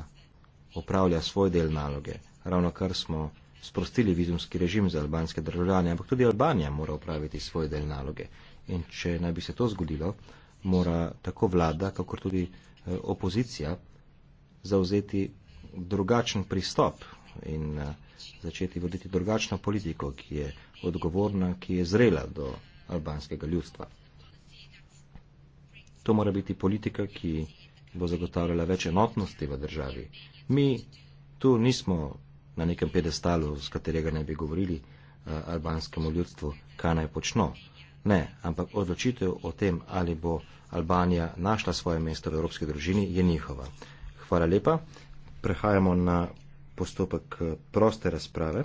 opravlja svoj del naloge. Ravno kar smo sprostili vizumski režim za albanske državljane, ampak tudi Albanija mora upraviti svoje del naloge. In če naj bi se to zgodilo, mora tako vlada, kakor tudi eh, opozicija zauzeti drugačen pristop in eh, začeti voditi drugačno politiko, ki je odgovorna, ki je zrela do albanskega ljudstva. To mora biti politika, ki bo zagotavljala več enotnosti v državi. Mi tu nismo na nekem pedestalu, z katerega ne bi govorili uh, albanskemu ljudstvu, kaj naj počno. Ne, ampak odločitev o tem, ali bo Albanija našla svoje mesto v evropski družini, je njihova. Hvala lepa. Prehajamo na postopek eh, proste razprave.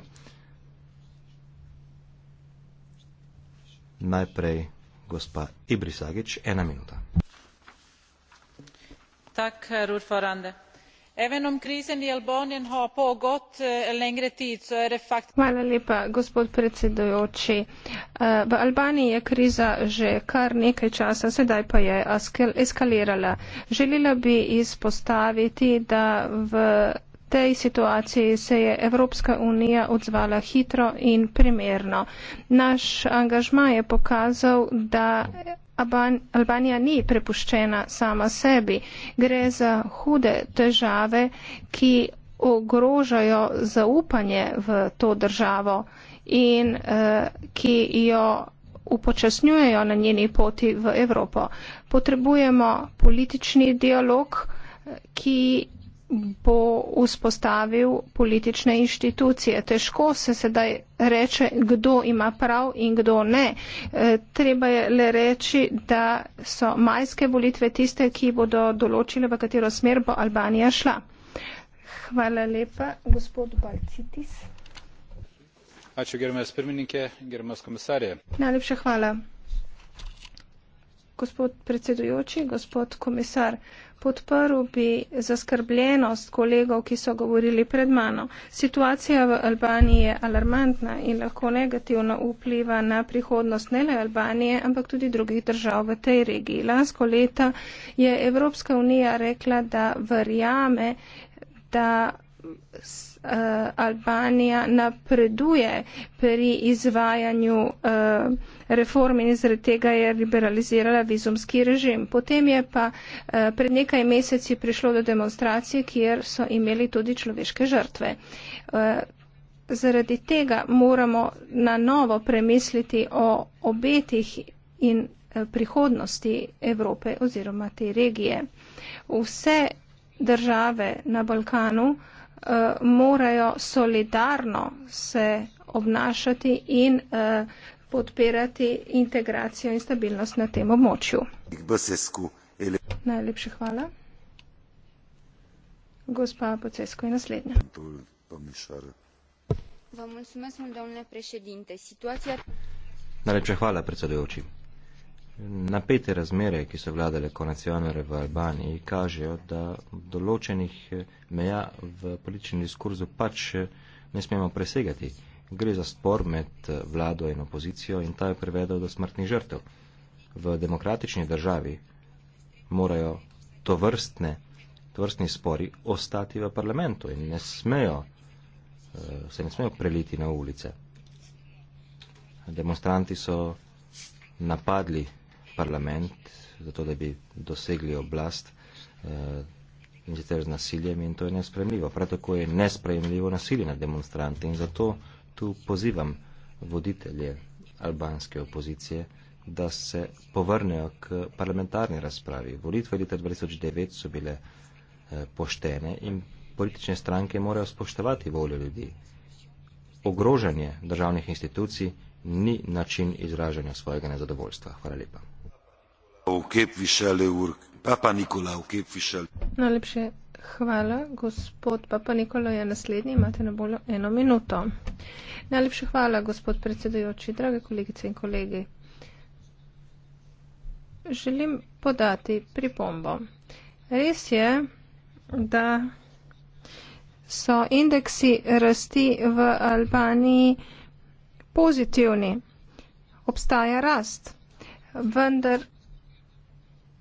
Najprej gospa Ibrisagič, ena minuta. Tak, Rurfo Rande även om krisen i albanien har pågått en eh, längre tid så är er det faktum Hvala lepa, gospod predsedujoči. Eh, v Albaniji je kriza že kar nekaj časa, sedaj pa je eskalirala. Želela bi izpostaviti, da v tej situaciji se je Evropska unija odzvala hitro in primerno. Naš angažma je pokazal, da Albanija ni prepuščena sama sebi. Gre za hude težave, ki ogrožajo zaupanje v to državo in eh, ki jo upočasnjujejo na njeni poti v Evropo. Potrebujemo politični dialog, ki bo vzpostavil politične inštitucije. Težko se sedaj reče, kdo ima prav in kdo ne. E, treba je le reči, da so majske volitve tiste, ki bodo določile, v katero smer bo Albanija šla. Hvala lepa, gospod Balcitis. Ačiū, gerbiamas pirmininkė, gerbiamas komisarė. Najlepša hvala. Gospod predsedujoči, gospod komisar. Podprl bi zaskrbljenost kolegov, ki so govorili pred mano. Situacija v Albaniji je alarmantna in lahko negativno vpliva na prihodnost ne le Albanije, ampak tudi drugih držav v tej regiji. Lansko leta je Evropska unija rekla, da verjame, da uh, Albanija napreduje pri izvajanju uh, reform in zaradi tega je liberalizirala vizumski režim. Potem je pa uh, pred nekaj meseci prišlo do demonstracije, kjer so imeli tudi človeške žrtve. Uh, zaradi tega moramo na novo premisliti o obetih in prihodnosti Evrope oziroma te regije. Vse države na Balkanu uh, Eh, morajo solidarno se obnašati in eh, podpirati integracijo in stabilnost na tem območju. Najlepše hvala. Gospa Pocesko je naslednja. Najlepše hvala, predsedujoči. Napete razmere, ki so vladale konec januarja v Albaniji, kažejo, da določenih eh, meja v političnem diskurzu pač eh, ne smemo presegati. Gre za spor med eh, vlado in opozicijo in ta je prevedel do smrtnih žrtev. V demokratični državi morajo to vrstne, to vrstni spori ostati v parlamentu in ne smejo, se ne smejo preliti na ulice. Demonstranti so napadli parlament, zato da bi dosegli oblast eh, in sicer z nasiljem in to je nespremljivo. Prav tako je nespremljivo nasilje nad demonstranti in zato tu pozivam voditelje albanske opozicije, da se povrnejo k parlamentarni razpravi. Volitve leta 2009 so bile eh, poštene in politične stranke morajo spoštovati voljo ljudi. Ogrožanje državnih institucij ni način izražanja svojega nezadovoljstva. Hvala lepa. Najlepše hvala, gospod Papa Nikolo je naslednji, imate na voljo eno minuto. Najlepše hvala, gospod predsedujoči, drage kolegice in kolegi. Želim podati pripombo. Res je, da so indeksi rasti v Albaniji pozitivni. Obstaja rast, vendar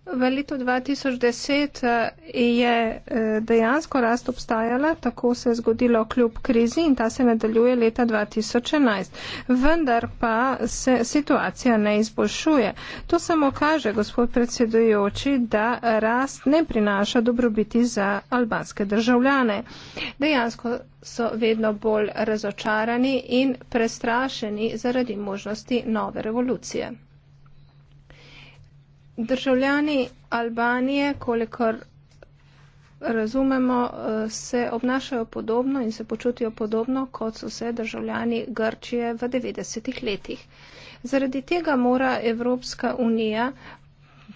V letu 2010 eh, je eh, dejansko rast obstajala, tako se je zgodilo kljub krizi in ta se nadaljuje leta 2011. Vendar pa se situacija ne izboljšuje. To samo kaže, gospod predsedujoči, da rast ne prinaša dobrobiti za albanske državljane. Dejansko so vedno bolj razočarani in prestrašeni zaradi možnosti nove revolucije. Državljani Albanije, kolikor razumemo, eh, se obnašajo podobno in se počutijo podobno, kot so se državljani Grčije v 90-ih letih. Zaradi tega mora Evropska unija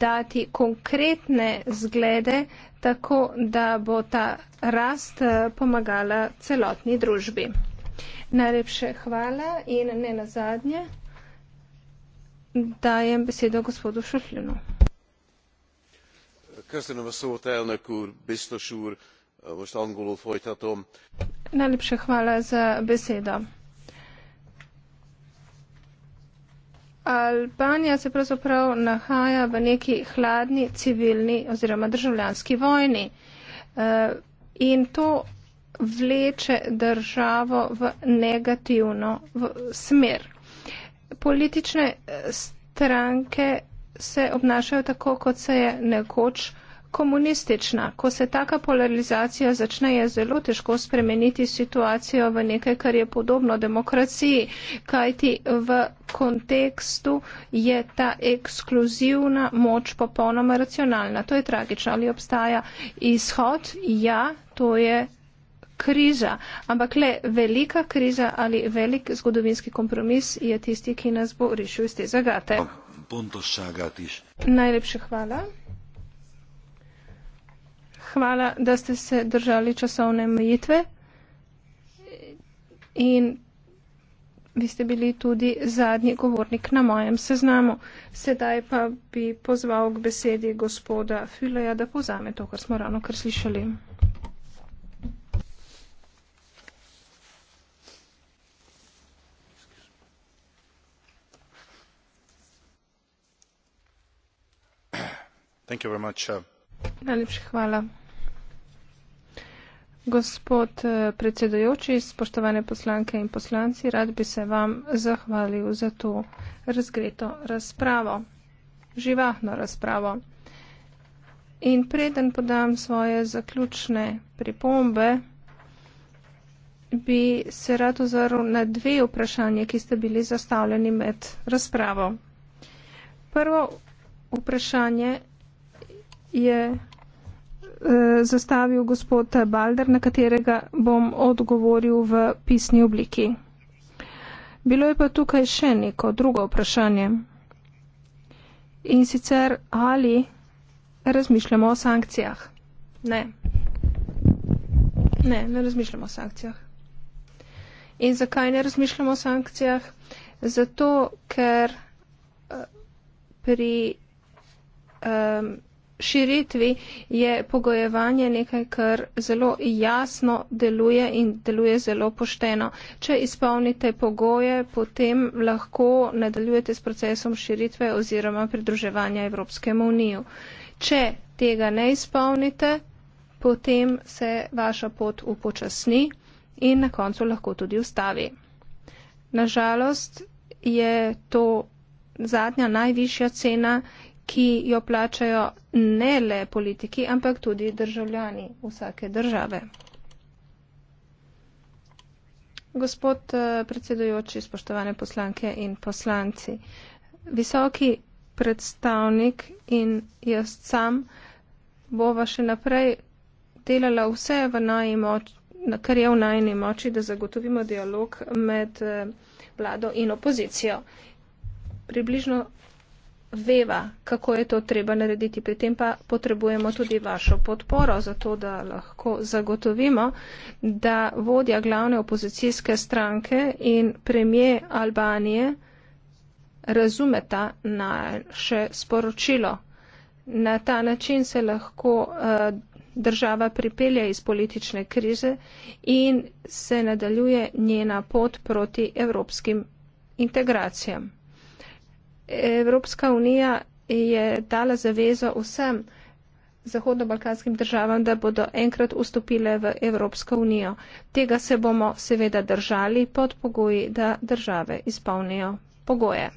dati konkretne zglede, tako da bo ta rast eh, pomagala celotni družbi. Najlepše hvala in ne nazadnje dajem besedo gospodu šufljinu. najlepša hvala za besedo. albanija se pravzaprav nahaja v neki hladni civilni oziroma državljanski vojni eh, in to vleče državo v negativno v smer politične eh, stranke se obnašajo tako, kot se je nekoč komunistična. Ko se taka polarizacija začne, je zelo težko spremeniti situacijo v nekaj, kar je podobno demokraciji, kajti v kontekstu je ta ekskluzivna moč popolnoma racionalna. To je tragično. Ali obstaja izhod? Ja, to je križa. Ampak le velika kriza ali velik zgodovinski kompromis je tisti, ki nas bo rešil iz te zagate. Oh, Najlepše hvala. Hvala, da ste se držali časovne mejitve. In vi ste bili tudi zadnji govornik na mojem seznamu. Sedaj pa bi pozval k besedi gospoda Fileja, da povzame to, kar smo ravno kar slišali. Uh, Najlepša hvala. Gospod uh, predsedujoči, spoštovane poslanke in poslanci, rad bi se vam zahvalil za to razgreto razpravo, živahno razpravo. In preden podam svoje zaključne pripombe, bi se rad ozrl na dve vprašanje, ki ste bili zastavljeni med razpravo. Prvo vprašanje je e, zastavil gospod Balder, na katerega bom odgovoril v pisni obliki. Bilo je pa tukaj še neko drugo vprašanje. In sicer ali razmišljamo o sankcijah? Ne. Ne, ne razmišljamo o sankcijah. In zakaj ne razmišljamo o sankcijah? Zato, ker eh, pri um, širitvi je pogojevanje nekaj, kar zelo jasno deluje in deluje zelo pošteno. Če izpolnite pogoje, potem lahko nadaljujete s procesom širitve oziroma pridruževanja Evropskemu uniju. Če tega ne izpolnite, potem se vaša pot upočasni in na koncu lahko tudi ustavi. Nažalost je to zadnja najvišja cena, ki jo plačajo ne le politiki, ampak tudi državljani vsake države. Gospod eh, predsedujoči, spoštovane poslanke in poslanci, visoki predstavnik in jaz sam bova še naprej delala vse, moč, kar je v najni moči, da zagotovimo dialog med eh, vlado in opozicijo. Približno veva, kako je to treba narediti. Pri tem pa potrebujemo tudi vašo podporo, zato da lahko zagotovimo, da vodja glavne opozicijske stranke in premije Albanije razumeta naše sporočilo. Na ta način se lahko eh, država pripelje iz politične krize in se nadaljuje njena pot proti evropskim integracijam. Evropska unija je dala zavezo vsem zahodno-balkanskim državam, da bodo enkrat vstopile v Evropsko unijo. Tega se bomo seveda držali pod pogoji, da države izpolnijo pogoje.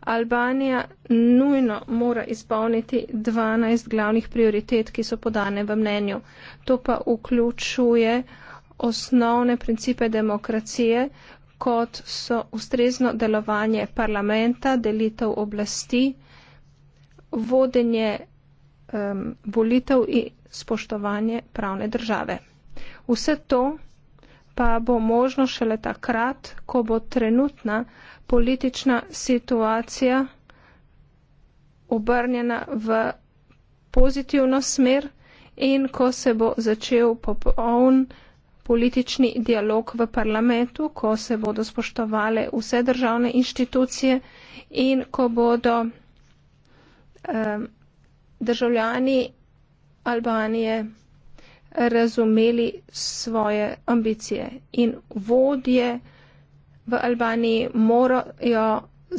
Albanija nujno mora izpolniti 12 glavnih prioritet, ki so podane v mnenju. To pa vključuje osnovne principe demokracije, kot so ustrezno delovanje parlamenta, delitev oblasti, vodenje um, volitev in spoštovanje pravne države. Vse to pa bo možno šele takrat, ko bo trenutna politična situacija obrnjena v pozitivno smer in ko se bo začel popoln politični dialog v parlamentu, ko se bodo spoštovale vse državne inštitucije in ko bodo um, državljani Albanije razumeli svoje ambicije. In vodje v Albaniji morajo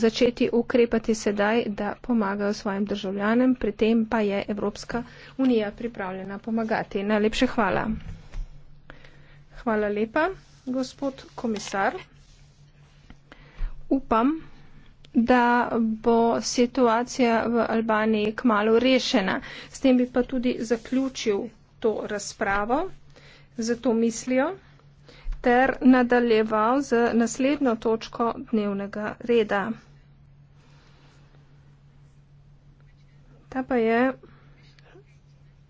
začeti ukrepati sedaj, da pomagajo svojim državljanem, pri tem pa je Evropska unija pripravljena pomagati. Najlepše hvala. Hvala lepa, gospod komisar. Upam, da bo situacija v Albaniji kmalo rešena. S tem bi pa tudi zaključil to razpravo za to mislijo ter nadaljeval z naslednjo točko dnevnega reda. Ta pa je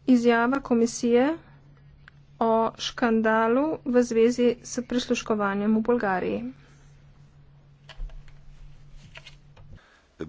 izjava komisije o škandalu v zvezi s prisluškovanjem v Bolgariji.